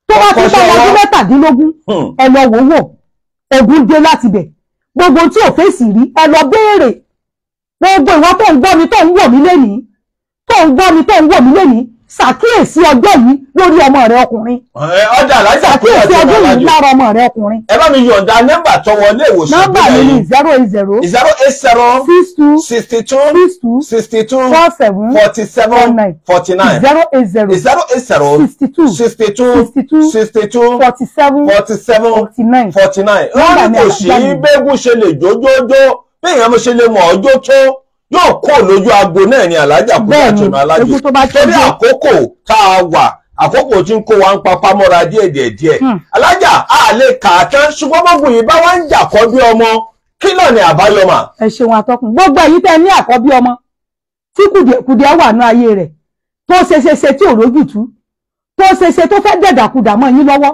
tó wá ti bá ọdún mẹ́tàdínlógún hmm. ẹ lọ wò wò ogun dé láti bẹ̀ gbogbo tí ò fèsì rí ẹ lọ béèrè gbogbo ìwà tó ń gbọ́ mi tó ń wò mí lénìí tó ń gbọ́ mi tó ń wò mí lénìí ṣàkíyèsí ọjọ́ yìí lórí ọmọ rẹ ọkùnrin. ọjà aláìsà kó yà tó ọjọ́ yìí lára ọmọ rẹ ọkùnrin. ẹ bá mi yọ̀ǹda nọ́mbà tó wọlé ìwòsàn ìbílẹ̀ yìí. nọ́mbà mi ni zero eight zero. zero eight zero. six two. sixty two. six two. sixty two. four seven. forty seven. four nine. forty nine. zero eight zero. zero eight zero. sixty two. sixty two. sixty two. sixty two. forty seven. forty seven. forty nine. forty nine. wọ́n ní kò sí bẹ́ẹ̀gùn ṣe lè jójójó bí ìyẹn mo ṣe lè mọ̀ ọjọ́ tó yóò kó lójú agbo náà ni alájà kó àtúnú alájò torí àkókò tá a wà àkókò tí ń kó wa ń papá mọ́ra díẹ̀ díẹ̀ díẹ̀ alájà a lè kà á tán ṣùgbọ́n gbogbo yìí bá wá ń jà kọ́ bí ọmọ kí náà ni àbáyọ mà. ẹ ṣeun àtọkùn gbogbo èyí tẹ ní àkọ́bí ọmọ tí kùdìẹ̀ wà ní ayé rẹ̀ tó ṣe ṣe ṣe tí ò rójútù tó ṣe ṣe tó fẹ́ dẹ̀dàkudà mọ́ yín lọ́wọ́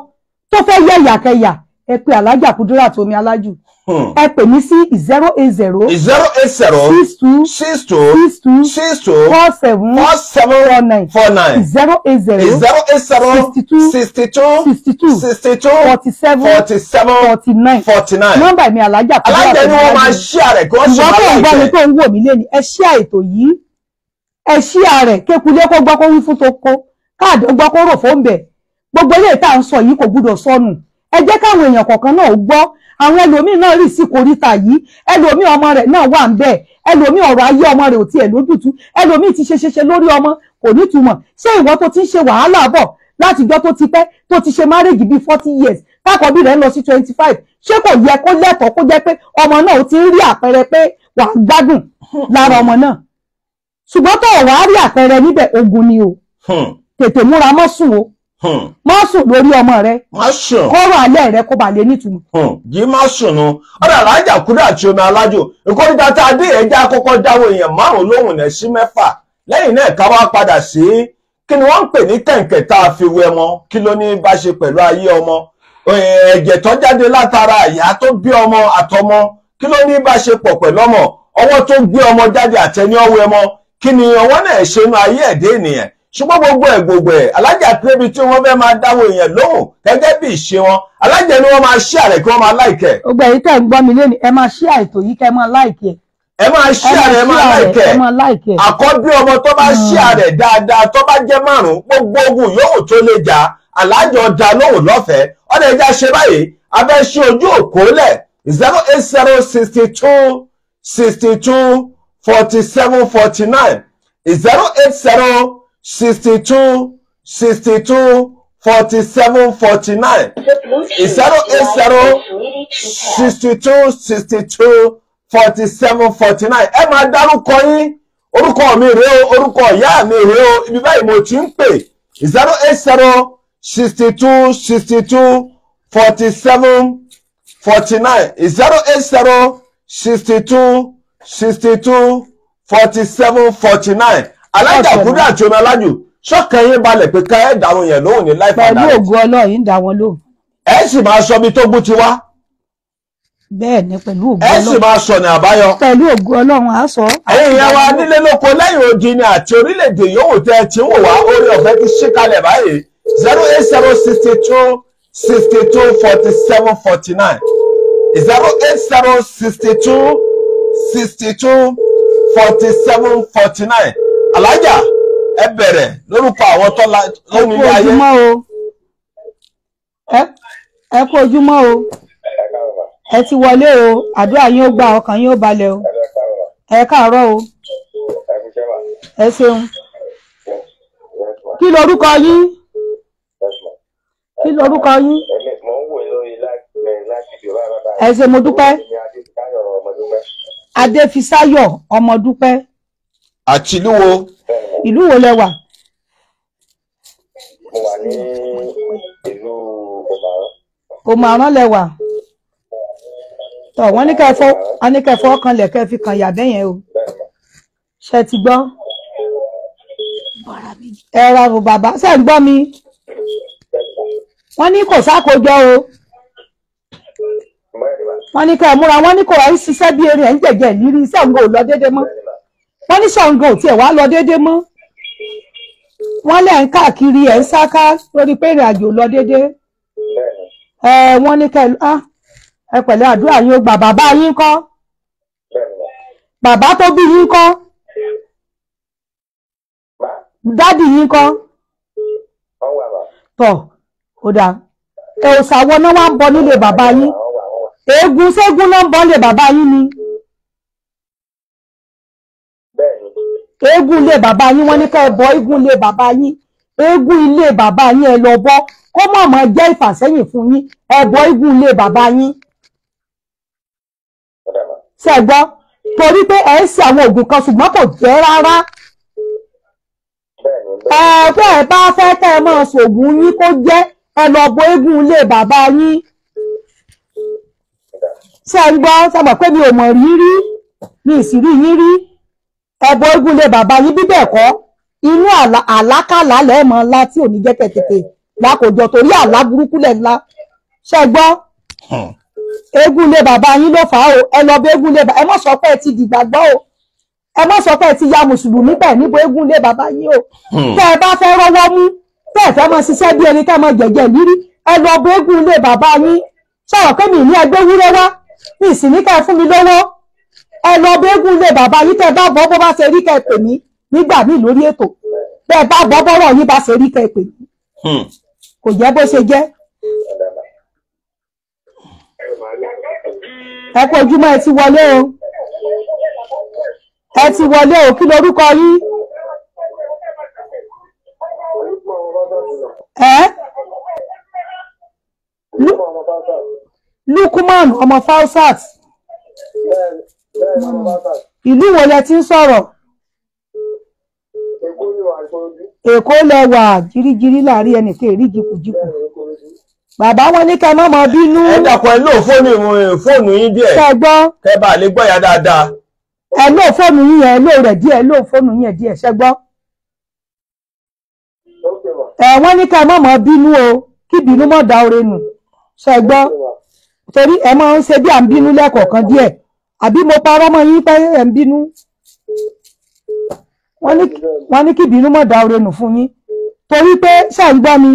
tó fẹ́ yẹ ìyàkẹyà ẹ pé alájà Kudirat omi alájù Hmm. ẹ pè mí sí zero eight zero. zero eight zero. six two. six two. six two. six two. four seven. four seven. four nine. four nine. zero eight zero. zero eight zero. sixty two. sixty two. sixty two. sixty two. forty seven. forty seven. forty nine. forty nine. nọ́mbà mi alájà. alájà ni wọ́n máa ṣíà rẹ̀ kí wọ́n ṣe máa láìpẹ́. ìwọ́n tó ń gbọ́ mi tó ń wò mí lẹ́nu ẹ ṣíà ètò yìí ẹ ṣíà rẹ̀ kékulé kó gbọ́ kó wí fún tó kó káàdì ó gbọ́ kó rò fóun bẹ̀ gbogbo ilé ìta ń sọ yìí kò gbúdọ̀ sọnù ẹ jẹ́ káwọn èèyàn kọ̀ọ̀kan náà gbọ́ àwọn ẹlòmíín náà rì sí kòríta yìí ẹlòmíín ọmọ rẹ̀ náà wà ń bẹ̀ ẹlòmíín ọ̀rọ̀ ayé ọmọ rẹ̀ ò tiẹ̀ lójútu ẹlòmíín ti ṣe ṣeṣe lórí ọmọ kò nítumọ̀ ṣé ìwọ tó ti ń ṣe wàhálà bọ̀ látijọ́ tó ti pẹ́ tó ti ṣe márèjì bíi forty years tákọ̀bí rẹ̀ ń lọ sí twenty five ṣé kò yẹ kó lẹ́tọ̀ọ́ kó jẹ́ pé ọmọ náà ó ti ń rí àpẹẹrẹ pé wàá gbádùn lára ọmọ náà ṣùgbọ́n tó wàá rí àpẹẹrẹ níbẹ̀ ogun ni o hmm. tètè múra mọ́ o Hmm. má sùn lórí ọmọ rẹ kọ́rọ̀ alẹ́ rẹ kó ba lè nítumọ̀. yìí hmm. má sùn nu ọ̀dà alájà kúrò àti omi alájò ìkórìíta tá a dé ẹja kọ́kọ́ dáwọ́ èèyàn márùn-ún lóhùn ẹ̀ sí mẹ́fà lẹ́yìn náà ká wá padà sí kí ni wọ́n ń pè ní kẹ̀ǹkẹ̀ tá a fi wẹ ọmọ kí ló ní bá ṣe pẹ̀lú ayé ọmọ eh, ẹ̀jẹ̀ tó jáde látara ìyá tó bí ọmọ àtọmọ kí ló ní bá ṣe pọ̀ pẹ̀lú ọmọ ọwọ́ tó gbé ọmọ jáde àtẹni ọwọ́ kí ni ọwọ́ náà ṣe nu ayé ẹ̀dẹ́ ènìyàn ṣùgbọ́n gbogbo ẹ̀ gbogbo ẹ̀ alájà pé ibi tí wọ́n fẹ́ máa dáwọ́ èèyàn lóhùn gẹ́gẹ́ bí ìṣe wọn alájà ni wọ́n máa share rẹ̀ kí wọ́n máa like ẹ̀. gbogbo èyí tẹ̀ ń gbọ́ mi lónìí ẹ máa share ètò yìí kẹ́ ẹ máa like ẹ̀. ẹ máa share rẹ̀ ẹ máa like ẹ̀ àkọ́bí ọmọ tó bá hmm. share rẹ̀ dáadáa tó bá jẹ́ márùn-ún gbogbo ogun yòówù tó lè jà alájọ da lóhùn lọ́fẹ̀ẹ́ zero eight zero sixty two sixty two forty seven forty nine zero eight zero sixty two sixty two forty seven forty nine ẹ máa dárúkọ yín orúkọ mi rèé o orúkọ ìyá mi rèé o ibi báyìí mo ti ń pè zero eight zero sixty two sixty two forty seven forty nine zero eight zero sixty two sixty two forty seven forty nine alájà kúndé àti omi alájò sọ́kàn yín balẹ̀ pé ká ẹ̀ dá wọn yẹn lóhùn ní láìpẹ́ dáre. pẹ̀lú ògùn ọlọ́run yín dá wọn lóhùn. ẹ sì máa sọ bí tó gbó ti wá. bẹ́ẹ̀ ni pẹ̀lú ògùn ọlọ́run. ẹ sì máa sọ ní àbáyọ. pẹ̀lú ògùn ọlọ́run á sọ. ẹ̀yin ìyá wa nílé lóko lẹ́yìn odi ni àti orílẹ̀-èdè yòówù tẹ́ ẹ ti wò wá orí ọ̀fẹ́ ti ṣí kalẹ̀ báyìí zero eight zero sixty two sixty two forty seven forty nine zero eight zero sixty two sixty two forty seven forty nine alájà ẹ bẹ̀rẹ̀ lórúkọ àwọn tọ́lá lónìí ayé. ẹ kú ojúmọ́ o ẹ ti wọlé o àdúrà yín ó gba ọkàn yín ó balẹ̀ o ẹ káàárọ̀ o ẹ ṣeun kí lorúkọ yín kí lorúkọ yín ẹ ṣé mo dúpẹ́ Adéfisáyọ̀ Ọmọdúpẹ́ àti ìlú wo. ìlú wo lẹ wà. mo wà ní ìlú òmàrán. òmàrán lẹ wà. tọ wọn ní kẹ fọ wọn ní kẹ fọ ọkàn lẹ kẹ fi kàn yà bẹyẹn o. ṣe ti gbọ́. ẹ ra bò bàbá ṣe ń gbọ́ mi. wọ́n ní kò sákòjọ o. wọ́n ní kẹ múra wọ́n ní kò wá ń ṣiṣẹ́ bí erin ẹ̀ ń jẹ̀jẹ̀ lírí iṣẹ́ ń gò lọ déédéé mọ́. wọ́n ní Ṣàngó tiẹ̀ wá lọ dédé mọ́ wọ́n lẹ̀ ń káàkiri ẹ̀ ń sáká lórí pé ìrìn àjò lọ dédé. Ẹ̀ wọ́n ní kẹ́ ẹ pẹ̀lẹ́ àdúrà yín ó gbà bàbá yín kọ́ bàbá tó bí yín kọ́ dádì yín kọ́ tọ̀ ó dáa ẹ̀wòsàn àwọn náà wá ń bọ nílé bàbá yín èégún ségún náà ń bọ nílé bàbá yín ni. eégún ilé bàbá yín wọ́n ní ká ẹ bọ eégún ilé bàbá yín eégún ilé bàbá yín ẹ lọ bọ kó má má jẹ́ ìfàsẹ́yìn fún yín ẹ bọ eégún ilé bàbá yín. ṣe gbọ́ torí pé ẹ ń ṣe àwọn oògùn kan ṣùgbọ́n kò jẹ́ rárá. ẹ fẹ́ ẹ bá fẹ́ kẹ́ ẹ máa ṣoògùn yín kó jẹ́ ẹ lọ bọ eégún ilé bàbá yín. ṣe ń pé mi ò mọ̀ rírí mi ì sì rí yín rí ẹbọ eégún lé bàbá yín bí bẹ́ẹ̀ kọ́ inú àlákàlà lẹ́ẹ̀mọ ńlá tí ò ní jẹ́ tẹ̀tẹ̀tẹ̀ lákòjọ torí àlá burúkú lẹ̀ ńlá ṣe gbọ́ eégún lé bàbá yín ló fà á o ẹ lọ bẹ eégún lé bàbá ẹ má sọ pé ẹ ti dìgbàgbọ́ o ẹ má sọ pé ẹ ti ya mùsùlùmí pẹ̀ níbo eégún lé bàbá yín o tẹ́ ẹ bá fẹ́ rọ́wọ́ mú tẹ́ ẹ fẹ́ mọ ṣiṣẹ́ bí ẹni tẹ́ mọ jẹ̀jẹ̀ lírí ẹ lọ bẹ eégún lé bàbá yín sọ̀rọ̀ pé mi ní ẹgbẹ́ wúrẹ́ wá mi sì ní ká fún mi lówó ẹ lọ bẹ́gùn lé bàbá yìí tẹ́ bá bọ́ bó bá ṣe rí kẹ́ pè mí nígbà míì lórí ètò bẹ́ẹ̀ bá bọ́ bọ́rọ̀ yìí bá ṣe rí kẹ́ pè mí hmm. kò jẹ́ bó ṣe jẹ́. ẹ kú ojúmọ́ ẹ ti wọlé o ẹ ti wọlé o kí lorúkọ yín. ẹ Lukuman ọmọ Falsat ìlú wo lẹ ti ń sọ̀rọ̀ èkó lẹ wà jíríjírí láàrin ẹnì kan èrí jìkùjìkù bàbá wọn ní kẹ́ má má bínú. ẹ dàpọ̀ ẹ lò fóònù fóònù yín díẹ̀ kẹ́ gbọ́ kẹ́ bá lè gbọ́ ya dáadáa. ẹ lò fóònù yín yẹn ẹ lò rẹ̀ díẹ̀ ẹ lò fóònù yín yẹn díẹ̀ ṣẹ́ gbọ́. ẹ wọ́n ní kẹ́ má má bínú o kí bínú mọ̀ dá ore nù ṣẹ́ gbọ́ torí ẹ máa ń ṣe bí à ń bínú lẹ́kọ̀ọ̀kan díẹ̀ àbí mo parọ́ mọ́ yín pé ẹ̀ ń bínú wọ́n ní kí ìbínú mọ̀ dá orenù fún yín torí pé ṣáà ń gbọ́ mi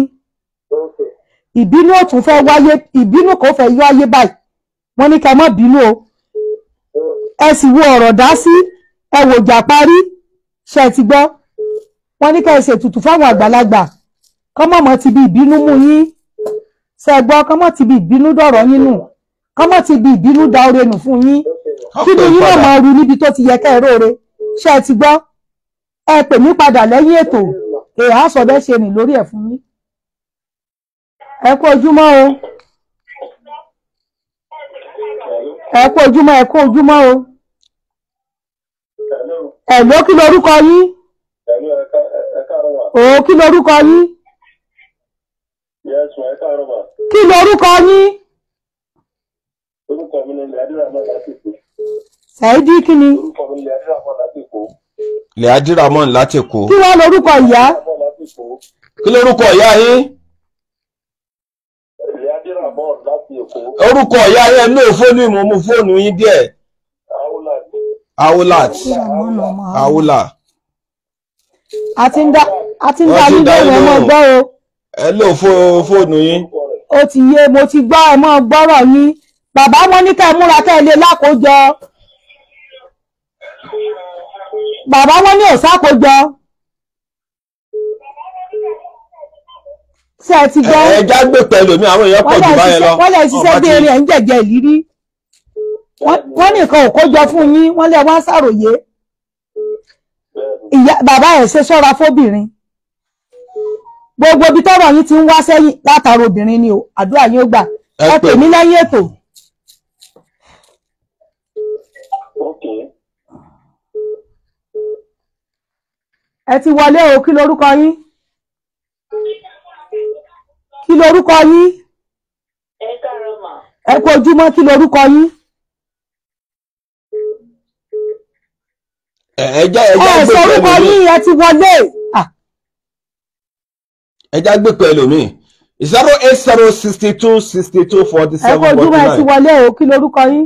ìbínú ò fẹ́ wáyé ìbínú kò fẹ́ yọ ayé báyìí wọ́n ní ká má bínú o ẹ sì wo ọ̀rọ̀ dá sí ẹ wò jà parí ṣe ti gbọ́ wọ́n ní ká ẹ ṣètùtù fáwọn àgbàlagbà kọ́mọ̀mọ́ ti bí ìbínú mú yín ṣe gbọ́ kọ́mọ̀ ti bí ìbínú dọ̀rọ̀ yín nù kọ́mọ̀ ti bí ìbínú dá orenù fún yín kí ni yín náà máa rí níbi tó ti yẹ kẹ́ẹ̀rọ rẹ ṣé ẹ ti gbọ́ ẹ pè mí padà lẹ́yìn ètò èèyàn á sọ bẹ́ẹ̀ ṣe rìn lórí ẹ̀ fún mi ẹ kú ojúmọ́ o ẹ kú ojúmọ́ ẹ kú ojúmọ́ o ẹ ló kí lorúkọ yín òun oh, kí lorúkọ yín kí lorúkọ yín. Saidi kí ni. Lẹ́yàdí Ramon láti Èkó. Kí wá lórúkọ ìyá? Kí lórúkọ ìyá yín? Lẹ́yàdí Ramon láti Èkó. Orúkọ ìyá yẹn ní òfóònù ìmọ̀ mú fóònù yín díẹ̀. Aulat. Aula. A ti ń dá a ń dá yín bẹ́ẹ̀ mọ́ gbọ́ o. Ẹ lò fóònù yín. O ti yé mo ti gbọ́ ẹ mọ́ gbọ́rọ̀ yín. Bàbá mo ní ká ẹ múra ká ẹ lè lákòójọ. bàbá wọn ní òsákòjọ. ṣé ẹ ti gbọ́. ẹ já gbé pẹ̀lú mi àwọn èèyàn pọ̀ jù báyẹn lọ. wọ́n lè ṣiṣẹ́ bí eré ẹ̀ ń jẹ̀jẹ̀ ìlírí wọ́n nìkan ò kójọ fún yín wọ́n lè wá ṣàròyé bàbá ẹ̀ ṣe ṣọ́ra fóbìnrin gbogbo ibi tọ́rọ̀ yín ti ń wá sẹ́yìn látara obìnrin ni o àdúrà yín gbà ẹ pè mí lẹ́yìn ètò. ẹ ti wọlé o kí lorúkọ yín kí lorúkọ yín ẹ kú ojúmọ́ kí lorúkọ yín. ẹ sọ orúkọ yín ẹ ti wọlé. ẹ já gbẹ̀pẹ̀ ẹlòmíì zero eight zero sixty two sixty two forty seven forty nine. ẹ kú ojúmọ́ ẹ ti wọlé o kí lorúkọ yín.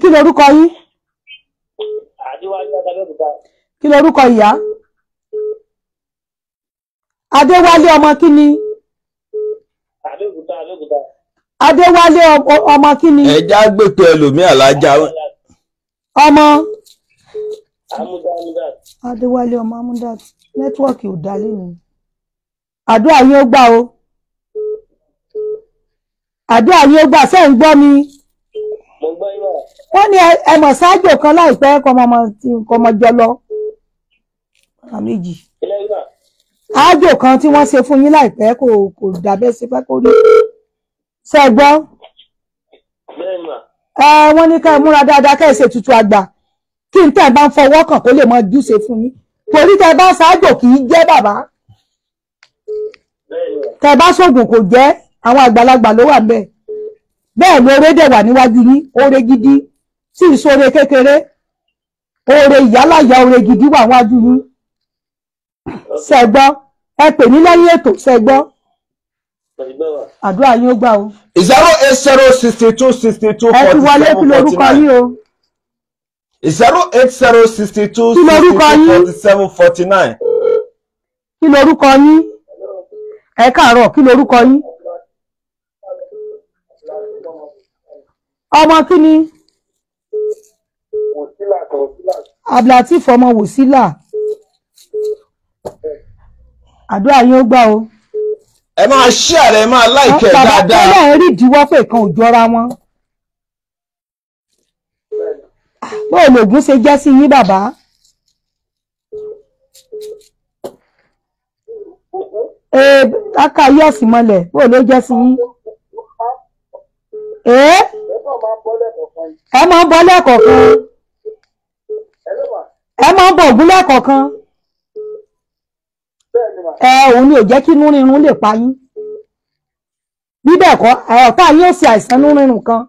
kí lorúkọ yín kí lorúkọ ìyá adéwálé ọmọ kíni adéwálé ọmọ kíni. ẹja gbèpè ẹlòmíì alájà. ọmọ. adéwálé ọmọ amúdàt nẹ́tíwọ́ọ̀kì ò dá lẹ́nu àdúrà yín ó gbà o àdúrà yín ó gbà sẹ́yìn gbọ́ mi. mo gbọ́ yín wọ́n ní ẹmọ̀ ṣáájú kan láìpẹ́ kọmọjọ lọ méjì ájò kan tí wọ́n ṣe fún yín láìpẹ́ kò kò dàbẹ́ sí pé kó rí ṣẹ́gbọ́ wọ́n ní ká múra dáadáa ká ṣe tutù àgbà kí n tẹ̀ bá ń fọwọ́ kàn kó lè mọ júṣe fún yín torí tẹ bá ṣáájò kì í jẹ́ bàbá tẹ bá ṣoògùn kò jẹ́ àwọn àgbàlagbà ló wà bẹ́ẹ̀ bẹ́ẹ̀ ni oore dẹ̀ wà níwájú yín oore tí ìṣòro kékeré oore ìyálàyà oore gidi wà wájú yín ṣẹgbọ́ ẹ pè ní lẹ́yìn ètò ṣẹgbọ́ àdúrà yín ó gbà o. zero eight zero sixty two sixty two forty seven forty nine. ẹ ti wọlé kí lorúkọ yín o. zero eight zero sixty two sixty two forty seven forty nine. kí lorúkọ yín ẹ káàárọ̀ kí lorúkọ yín. ọmọ kí ni abdulateef ọmọ wòsílà àdúrà yín ó gbà o. ẹ máa ṣí ààrẹ ẹ máa láìkẹ dáadáa. bàbá tẹ́lẹ̀ ẹ rí ìdíwọ́ pé kan ò jọra wọn. bóò lògùn ṣe jẹ́ sí yín bàbá. ee aka yọ̀ọ̀sì mọ́lẹ̀ bóò ló jẹ́ sí yín. ee ẹ máa ń bọ́ lẹ́kọ̀ọ̀kan ẹ máa ń bọ ògún lẹ́ẹ̀kọ̀ọ̀kan ẹ òun ni ò jẹ́ kí inú rírun lè pa yín bí bẹ́ẹ̀ kọ́ ọ̀tá yín ò sì àìsàn inú rírun kan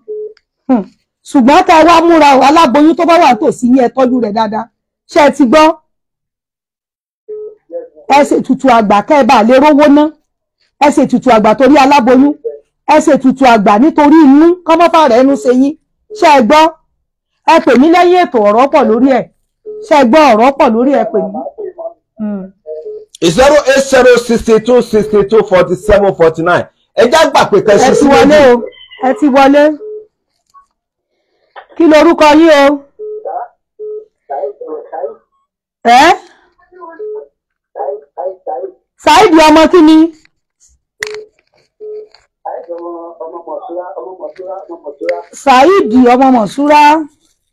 hmm. ṣùgbọ́n tá ẹ wá múra o aláboyún tó bá wà tòsí yín ẹ tọ́jú rẹ̀ dáadáa ṣé ẹ ti gbọ́ ẹ ṣe tutù àgbà kẹ́ ẹ bá lè rówó ná ẹ ṣe tutù àgbà torí aláboyún ẹ ṣe tutù àgbà nítorí inú kọ́mọ́fà rẹ̀ ẹnu ṣe yín ṣé ẹ gbọ́ ẹ pè mí lẹ́yìn ètò ọ̀rọ̀ pọ̀ lórí ẹ̀ ṣe gbọ́ ọ̀rọ̀ pọ̀ lórí ẹ̀ pè mí. Hmm. zero eight zero sixty two sixty two forty seven forty nine ẹ já gbà pé kẹsì sí wọlé o ẹ ti wọlé kí lorúkọ yín o. ẹ ọmọ kí ni. ṣáìdì ọmọ mọ̀ṣúra.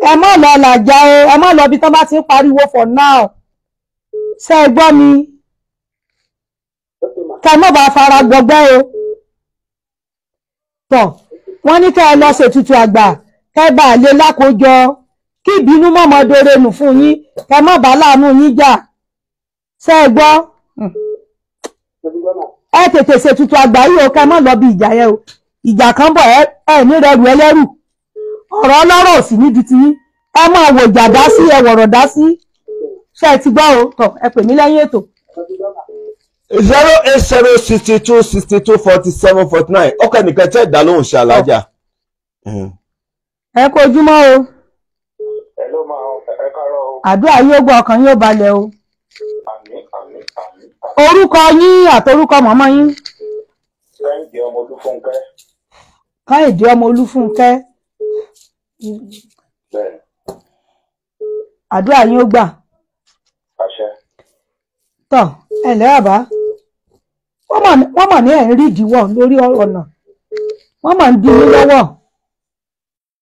ẹ má lọ làjà o ẹ má lọ bí tán bá ti ń pariwo for now ṣe é gbọ́ mi ká má bàa fara gbọgbẹ́ o tọ̀ wọ́n ní ká ẹ lọ ṣètùtù àgbà ká ẹ bá a lè lákòójọ kí ìbínú mọ̀mọ́ dore nù fún yín ká má bàa láàánú yín jà ṣe é gbọ́ ẹ tètè ṣètùtù àgbà yìí o ká má lọ bí ìjà yẹn o ìjà kan bọ̀ ẹ ní rẹrù ẹlẹ́rù. ọ̀rọ̀ ọlọ́rọ̀ ò sí níbi tí ẹ máa wò ìjà dá ṣe ti gbọ́ o tọ̀ ẹ pè mí lẹ́yìn ètò. zero eight zero sixty two sixty two forty seven forty nine ìdálóhùn ṣe o. o. orúkọ yín yín. ọmọ olúfúnkẹ́. ọmọ àdúrà yín ó gbà. tọ́ ẹ ǹlẹ́ bàbá wọ́n mọ̀ ní ẹ̀ ń rí lórí ọ̀nà wọ́n mọ̀ ní di yín lọ́wọ́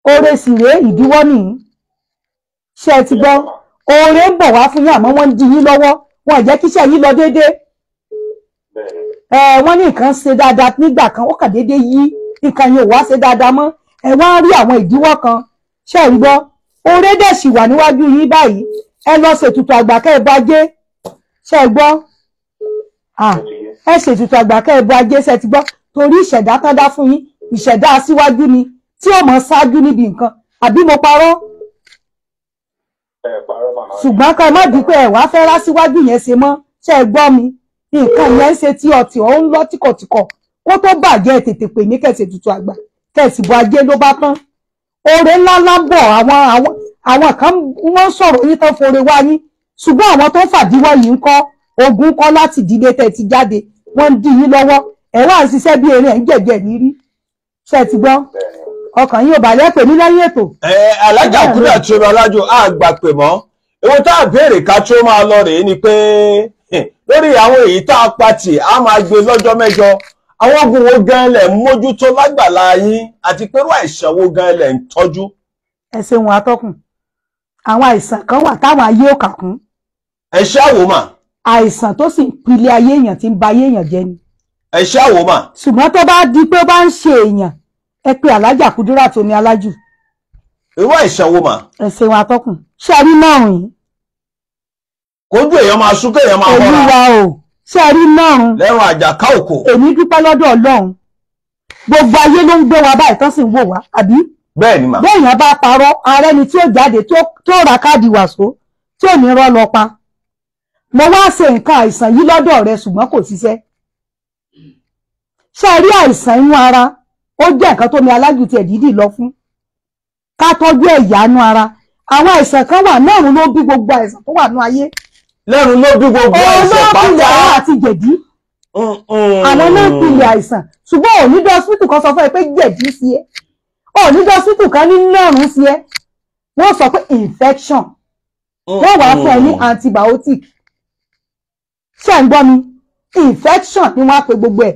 oore sì rèé ìdíwọ́ nìyí ṣe ti gbọ́ oore ń bọ̀ wá fún yín àmọ́ wọ́n ń di yín lọ́wọ́ wọn ò jẹ́ kí iṣẹ́ yín lọ déédéé wọ́n ní nǹkan ṣe dáadáa nígbà kan ó kàn déédéé yí nǹkan yẹn ò wá ṣe dáadáa mọ́ ẹ wá rí àwọn ìdíwọ́ kan ṣe rí gbọ́ oore dẹ̀ sì wà níwájú yín báyìí ẹ lọ ṣètùtù àgbà kẹ́ ẹ bá jẹ́ ṣe gbọ́ ẹ ṣètùtù àgbà kẹ́ ẹ bá jẹ́ ṣe ti gbọ́ torí ìṣẹ̀dá tán dá fún yín ìṣẹ̀dá síwájú ni tí ò mọ̀ ṣáájú níbi nǹkan àbí mo parọ́ ṣùgbọ́n ká má dúpẹ́ ẹ̀ wá fẹ́ rá síwájú yẹn ṣe mọ́ ṣe é gbọ́ mi nǹkan yẹn ń ṣe tí ọtí ọ̀ ń lọ tíkọ̀tíkọ̀ kó tó bàjẹ́ tètè pè ní kẹsẹ̀ tuntun àgbà tẹ̀sìbò ajé ló bá tán oore ńlá ńlá àwọn àwọn kan wọ́n sọ̀rọ̀ yín tán fore wá yín ṣùgbọ́n àwọn tó fàdíwọ́ yìí ń kọ́ ogun kọ́ láti ìdílé tẹ̀ ti jáde wọ́n ń yín lọ́wọ́ ẹ̀ wá bí erin ẹ̀ ń jẹ̀jẹ̀ ní rí gbọ́ ọkàn yín ò alájà àti omi pè mọ́ ewu tá a béèrè ká tó máa lọ rèé ni pé lórí àwọn èyí tá a pa tì máa gbé lọ́jọ́ mẹ́jọ àwọn oògùn wo gan lẹ̀ ń mójútó lágbàlá yín àti pẹ̀lú àìsàn wo gan lẹ̀ ń tọ́jú. ẹ ṣeun atọ́kùn àwọn àìsàn kan wà táwọn ayé ò kà kún. ẹ ṣáàwó mà. àìsàn tó sì ń pilé ayé èèyàn tí ń ba ayé èèyàn jẹ ni. ẹ ṣáàwó mà. ṣùgbọ́n tó bá di pé ó bá ń ṣe èèyàn ẹ pe alájà kúdúrà tó ní alájù. irú àìsàn wo mà. ẹ ṣeun atọ́kùn ṣe rí náà yìí. kójú èèyàn máa sún kéèyàn máa rọra. ṣé ẹ rí márùn. lẹ́rùn àjàká òkò. èmi dúpẹ́ lọ́dọ̀ ọlọ́run gbogbo ayé ló ń gbé wa báyìí tán sì ń wò wá àbí. bẹ́ẹ̀ ni màá. béèyàn bá parọ́ ààrẹ ni tí ó jáde tó ra káàdì wàsó tí ò ní rọ́ lọ pa mo wá ṣe nǹkan àìsàn yìí lọ́dọ̀ rẹ ṣùgbọ́n kò ṣiṣẹ́ ṣe rí àìsàn inú ara ó jẹ́ nǹkan tó ní alágìtì ẹ̀dídì lọ fún ká tọ́jú ẹ̀yà inú ara àwọn àìsàn kan wà mẹ́rin ló bí gbogbo àìsàn tó wà ní ayé lẹ́nu ló bí gbogbo àìsàn pátá. òun náà pilẹ̀ àwọn àti jẹ̀dí. àwọn náà pilẹ̀ àìsàn ṣùgbọ́n òní dọ́ hospital kan sọ fún ẹ pé jẹ̀dí sí ẹ òní dọ́ hospital kan ní lẹ́rùn sí ẹ wọ́n sọ pé infection wọ́n wàá fún ẹ ní antibiotic ṣé ń gbọ́ mi infection ni wọ́n á pe gbogbo ẹ̀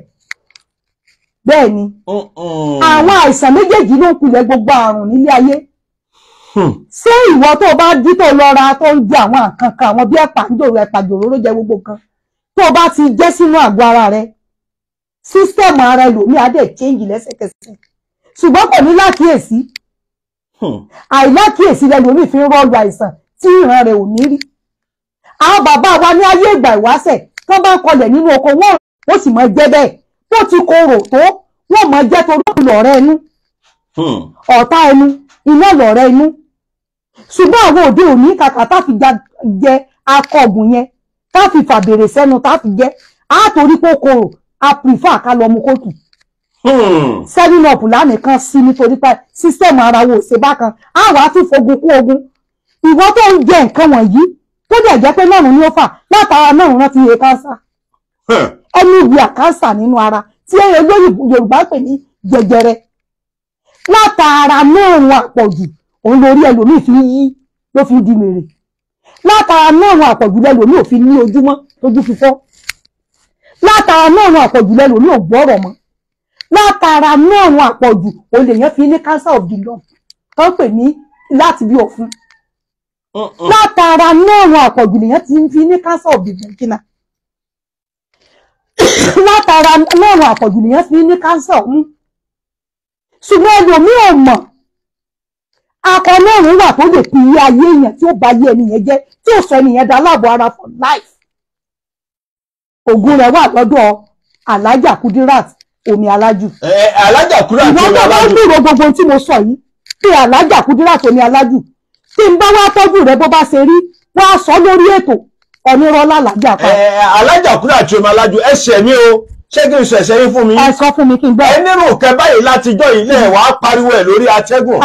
bẹ́ẹ̀ ni àwọn àìsàn méjèèjì ló ń kulẹ̀ gbogbo àrùn nílé ayé. Hmm. ṣé ìwọ tó bá dí tó lọ ra tó ń jẹ àwọn nǹkan kan àwọn bí ẹ̀pà ń jòrò ẹ̀pà jòrò jẹ gbogbo kan tó bá ti jẹ́ sínú àgọ́ ara rẹ sísítẹ̀mù ara ẹlòmíì á dẹ̀ change lẹ́sẹ̀kẹsẹ̀ ṣùgbọ́n kò ní lákìyèsí hmm. àìlákìyèsí lẹlòmíì fi ń rọlù àìsàn tí ìran rẹ̀ ò ní rí àwọn bàbá wa ní ayé ìgbà ìwáṣẹ̀ tó bá ń kọlẹ̀ nínú oko wọn ó sì mọ jẹ́ bẹ́ẹ̀ tó ti korò tó wọ́n mọ jẹ́ torí ọ̀rẹ́ inú hmm. ọ̀tá inú iná lọ̀rẹ́ inú ṣùgbọ́n àwọn òde òní kàkà tá fi jẹ akọ̀gùn yẹn tá fi fàbèrè sẹ́nu tá fi jẹ́ á torí pé kòrò a prefer ká lọ mu kókì. sẹ́yìn ọ̀pù lánàá kan sí nítorí pé sísẹ́mù ara wo ṣe bákan á wà á tún fogun kú ogun ìwọ tó ń jẹ nǹkan wọ̀nyí tó dẹ̀ jẹ́ pé nọ́ọ̀rùn ni ó fà látara nọ́ọ̀rùn náà ti yẹ kánsà ẹni ìwé àkánsà nínú ara tí ẹyẹ lóyìnbó Yorùbá pè ní jẹjẹrẹ látara nọ́ọ̀rùn àpọ̀jù òun lórí ẹlòmíì fi yí ló fi di mèrè látara náà àwọn àpọ̀jù lẹ́lòmíì ò fi ní ojúmọ́ tójú fi fọ́ látara náà àwọn àpọ̀jù lẹ́lòmíì ò gbọ́rọ̀ mọ́ látara náà àwọn àpọ̀jù òun lèèyàn fi ní cancer of the lung tó ń pè ní láti bí ọ̀fun látara náà àwọn àpọ̀jù lèèyàn ti fi ní cancer of the vagina [COUGHS] látara náà àwọn àpọ̀jù lèèyàn fi ní cancer ọ̀hún ṣùgbọ́n ẹlòmíì ò mọ̀. aka wà tó lè pin ilé ayé yẹn tí ó bà ayé ẹnìyẹn jẹ́ tí ó sọ ẹnìyẹn ara for life ògùn rẹ wà lọdọ alájà kudirat omi alájù. alájà kudirat omi alájù. ìwọ́n gbúrò gbogbo tí mo sọ yìí pé alájà kudirat omi alájù tí n bá wá tọ́jú rẹ̀ bó bá ṣe rí wá sọ lórí ètò ọ̀nìrọ̀lá omi alájù ṣé kí n sọ ẹ̀ṣẹ̀ yín fún mi. ẹ sọ fún mi kí n gbọ́. ẹ nírò kẹ báyìí látijọ́ ilé ẹ̀ wá pariwo ẹ̀ lórí atẹ́gùn.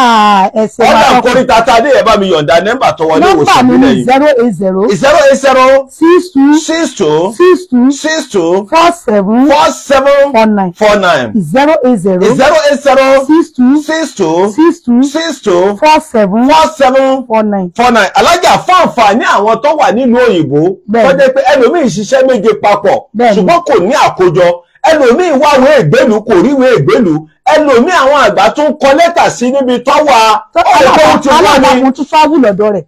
ẹsẹ̀ máa tọ́kùn ọ̀dà kọrin tata dé ẹ̀ bá mi yọ̀ǹda nẹ́mbà tó wọlé ìwòsàn mi lẹ́yìn. nọ́mbà mi ni zero eight zero. zero eight zero. six two. six two. six two. six two. four seven. four seven. four nine. four nine. zero eight zero. zero eight zero. six two. six two. six two. six two. four seven. four seven. four nine. four nine. alájà fún àǹfààní àwọn tó wà nílùú òyìnbó. bẹ́ẹ̀ni wọ́n jẹ́ pé ẹlòmíì ṣiṣẹ́ méje papọ̀ ṣùgbọ́n kò ní àkójọ ẹlòmíì wáwé ìgbélú kò ríwé ìgbélú ẹlòmíì àwọn àgbà tún kọ lẹ́tà sí níbi tọ́wà ọgbọ́n ti wá ní. aláàtakùn tún ṣáàbù lọ́dọ̀ rẹ̀.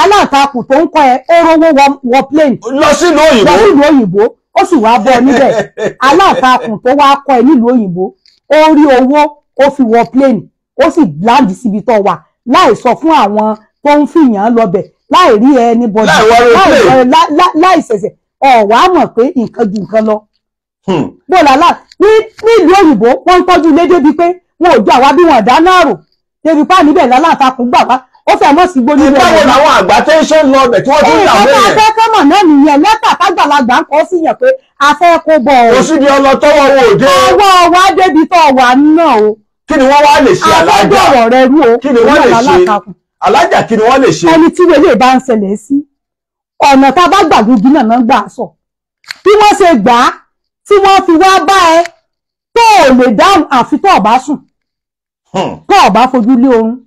aláàtakùn tó ń kọ ẹ ó rówó wọ plane. lọ sílùú òyìnbó lọ sílùú òyìnbó ó sì wá bọ níbẹ̀ [LAUGHS] aláàtakùn tó wá kọ ẹ nílùú òyìnbó ó rí owó ó fi wọ plane ó sì láǹdì síbi tó wà láì sọ fún àwọn tó ń fìyàn lọ́bẹ̀ láì rí ẹni bọ̀dọ̀ láì ṣẹ̀ṣẹ̀ ọ̀wá mọ̀ pé nǹkan ju nǹkan lọ Hmm. bó làlá ní nílùú òyìnbó wọ́n ń tọ́jú ilé débi pé wọn ò ju àwa bí wọn dáná àrò débi pa níbẹ̀ làlá àtakùn gbà wá ó fẹ́ mọ́ sí gbóni lẹ́yìn. ìbáwo làwọn àgbà tó ń ṣe ń lọ ọbẹ̀ tí wọ́n tún yà wọ́n rẹ̀. ìbáwo akẹ́kọ̀ọ́ mọ̀ náà nìyẹn lẹ́tà tágbàlagbà ń kọ́ sí yẹn pé a fẹ́ kó bọ̀ o. kò síbi ọlọ tọwọ́ wo òde. ọwọ́ wa débi tó wà náà o. kí ni wọ́n wá lè ṣe alájà. àfẹ́dọ̀rọ̀ rẹ rú o. kí ni wọ́n lè ṣe alájà kí ni wọ́n lè ṣe. ẹni tí wele bá ń ṣẹlẹ̀ sí ọ̀nà tá a bá gbàgbé tí wọ́n fi wá bá ẹ tó ò lè dáhùn àfi tó ọ̀bá sùn hmm. tó ọ̀bá fojú lé oorun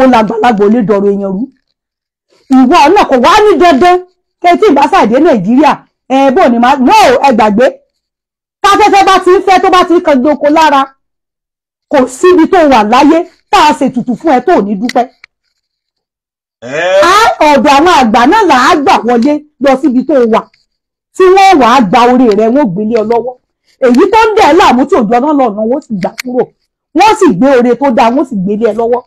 ó lágbàlagbà ò lè dọ̀rọ̀ èèyàn rú ìwọ náà kò wá ní dandan kẹtí ìbáṣàdé nàìjíríà ẹ bò ní má no ẹ gbàgbé káfẹ́fẹ́ bá ti ń fẹ́ tó bá ti ń kan gboko lára kò síbi tó wà láyé tá a ṣètùtù fún ẹ tó ò ní dúpẹ́ ọ̀dọ̀ àwọn àgbà náà là á gbà wọlé lọ síbi tó wà tí wọ́n wàá gba orí rẹ̀ wọ́n gbélé ọ lọ́wọ́ èyí tó ń dẹ̀ láàmú tí òjò náà lọ́nà wọ́n sì gbà kúrò wọ́n sì gbé oore tó dáa wọ́n sì gbélé ẹ lọ́wọ́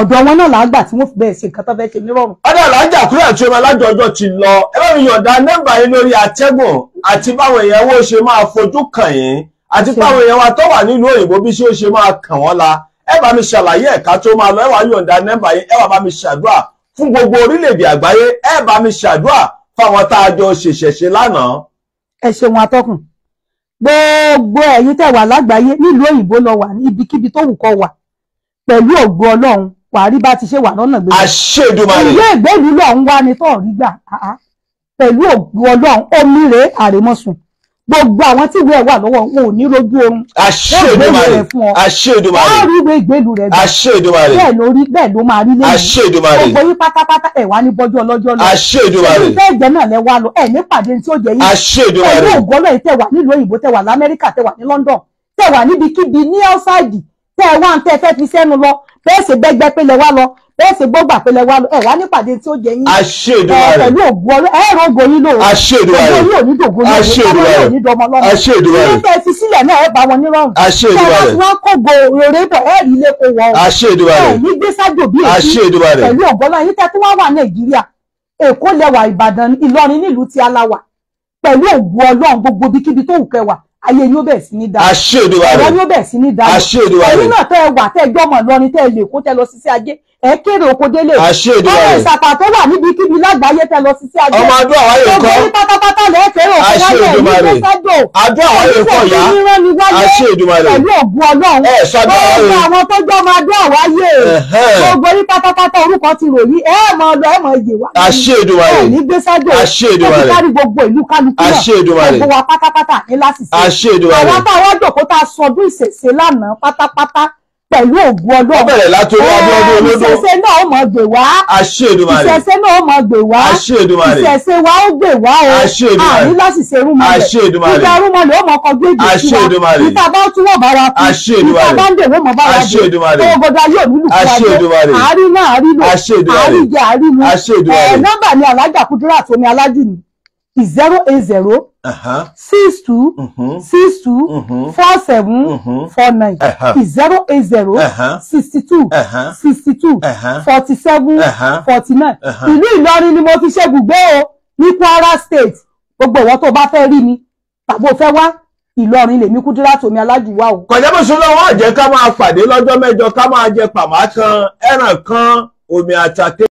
ọ̀dọ̀ wọn náà làá gbà tí wọ́n fi bẹ̀rẹ̀ ṣe nǹkan tó fẹ́ ṣe nírọ̀rùn. ọ̀dọ̀ alájà kúrò àti omi alájọ ọjọ́ ti lọ ẹ bá mi yọ̀ǹda nẹ́mbà yín lórí atẹ́gùn àti báwọn èèyàn wo ṣe máa fojú kàn yín àti báwọn èèyàn wa tó wà nílùú òyìnbó bí ṣé ó ṣe máa kàn wọ́n la ẹ bá mi ṣàlàyé ẹ̀ka tó máa lọ ẹ wá yọ̀ǹda nẹ́mbà yín ẹ wá bá mi ṣàdúrà fún gbogbo orílẹ̀-èdè àgbáyé ẹ bá mi ṣàdúrà fáwọn tá a jọ ṣèṣẹ̀ṣe lánàá. ẹ ṣeun atọ́kùn gbogbo ẹ̀yin tẹ́ wà lágbàáyé nílùú òyìnbó lọ wà ní ibikíbi tó wù kó wà pẹ̀lú ògbó ọlọ́run wà á rí bá ti ṣe wà lọ́nà gbé. àṣedùmarè ilé ìgbélú lọ́hún wá ní tọ́ọ̀rí gbà pẹ̀lú ògbó ọlọ́run omi rèé àrèmọ́sùn gbogbo àwọn tí ìwé ẹ̀ wà lọ́wọ́ wọn ò ní rojú oorun. àṣẹ Èdùmàrè àṣẹ Èdùmàrè wọn rí ìwé ìgbèlú rẹ bí àṣẹ Èdùmàrè bẹ́ẹ̀ ló rí bẹ́ẹ̀ ló máa rí lẹ́yìn àṣẹ Èdùmàrè gbogbo yín pátápátá ẹ̀ wá ní bọ́jú ọlọ́jọ́ lọ àṣẹ Èdùmàrè ìfẹ́ ìjẹ́ náà lẹ wá lọ ẹ̀ ní pàdé tí ó jẹ yín àṣẹ Èdùmàrè pẹ̀lú ògbọ́lọ́ yìí tẹ̀ wà nílùú òyìnbó tẹ̀ wà lamẹ́ríkà tẹ̀ wà ní London tẹ̀ wà níbikíbi ní outside tẹ́ ẹ wá ń tẹ́ fẹ́ fi sẹ́nu lọ bẹ́ẹ̀ ṣe gbẹ́gbẹ́ pé lẹ wá lọ bẹ́ẹ̀ ṣe gbọ́gbà pé lẹ wá lọ ẹ wá nípàdé tí ó jẹ yín pẹ̀lú ògùn ọlọ́ ẹ ràn ògùn yín lóore ògùn yín ò ní dògùn lóore ọmọ yín ò ní dọmọ lọ́mọ ìyẹn tẹ́ ẹ fi sílẹ̀ náà ẹ bá wọn nírọ̀rùn tẹ́ ẹ gbé sájò bí èyí pẹ̀lú ògùn Ọlọ́run gbogbo ibikíbi tó wù kẹwàá ayé yóò bẹ̀rẹ̀ sí ní dáa àṣẹ Olúwa rẹ̀ ọ̀rọ̀ yóò bẹ̀rẹ̀ sí ní dáa àṣẹ Olúwa rẹ̀ ẹ̀yin náà tẹ́ ẹ wà tẹ́ ẹ gbọ́mọ̀ lọ ni tẹ́ ẹ lè kó tẹ́ lọ sí sí ajé ẹ kéré oko délé ọ̀rọ̀ ìsàpà tó wà níbi kíbi lágbàáyé tẹ lọ sí sí ajé ọmọ adó àwáyé kọ pátápátá lẹ kéré oko láyé ìlú mẹsàdó àwọn tó jọ ọmọ adó àwáyé gbogbo pátápátá orúkọ ti rò yí ẹ mọ ọlọ ẹ mọ iye wa àṣẹ Èdùmàrè ẹ ní gbèsàdó àṣẹ Èdùmàrè tóbi kárí gbogbo ìlú kálukú náà gbogbo wa ní lásìsì àwọn táwọn jòkó tá a sọdún ìṣẹ̀ṣe lánàá pátápátá pẹ̀lú ògùn ọlọ́run. wọ́n bẹ̀rẹ̀ látòrí abíọ́dún olódò. ìṣẹ̀ṣẹ̀ náà ó mọ̀ gbè wá. àṣẹ Èdùmàrè. ìṣẹ̀ṣẹ̀ náà ó mọ̀ gbè wá. àṣẹ Èdùmàrè. ìṣẹ̀ṣẹ̀ wa ó gbè wá o. àṣẹ Èdùmàrè. àní lọ́sìṣẹ́ rúmọlẹ̀. àṣẹ Èdùmàrè. ìta rúmọlẹ̀ ó mọ̀ kọjú èdè sí wa. àṣẹ Èdùmàrè. ìta bá tún wọ̀ bára kú. àṣẹ Èdùmàrè. ìta bá ń dèrò mọ̀ bára dé. àṣẹ Èdùmàrè. tó gbọdọ̀ ayé òlúlù fún wa dé. àṣẹ Èdùmàrè. àárín náà àárín lò. àṣẹ Èdùmàrè. àárín jẹ àárín mu. àṣẹ Èdùmàrè. ẹ̀ nọ́mbà ni alájà kúdúrà tó Uh-huh. six two mm-hmm. six two mm-hmm. four seven mm-hmm. four nine uh-huh. zero eight zero uh-huh. sixty two sixty two forty seven forty nine ìlú Ìlọrin ni mo fi ṣe gbùgbé o ní Kwara state gbogbo ìwọ tó bá fẹ́ rí mi tàbí o fẹ́ wá Ìlọrin lèmi Kúdírát Omi Alájùwà o. kọ̀jẹ́bùsùn lọ́wọ́ jẹ́ ká máa pàdé lọ́jọ́ mẹ́jọ ká máa jẹ pàmò kan ẹran kan omi àtàkè.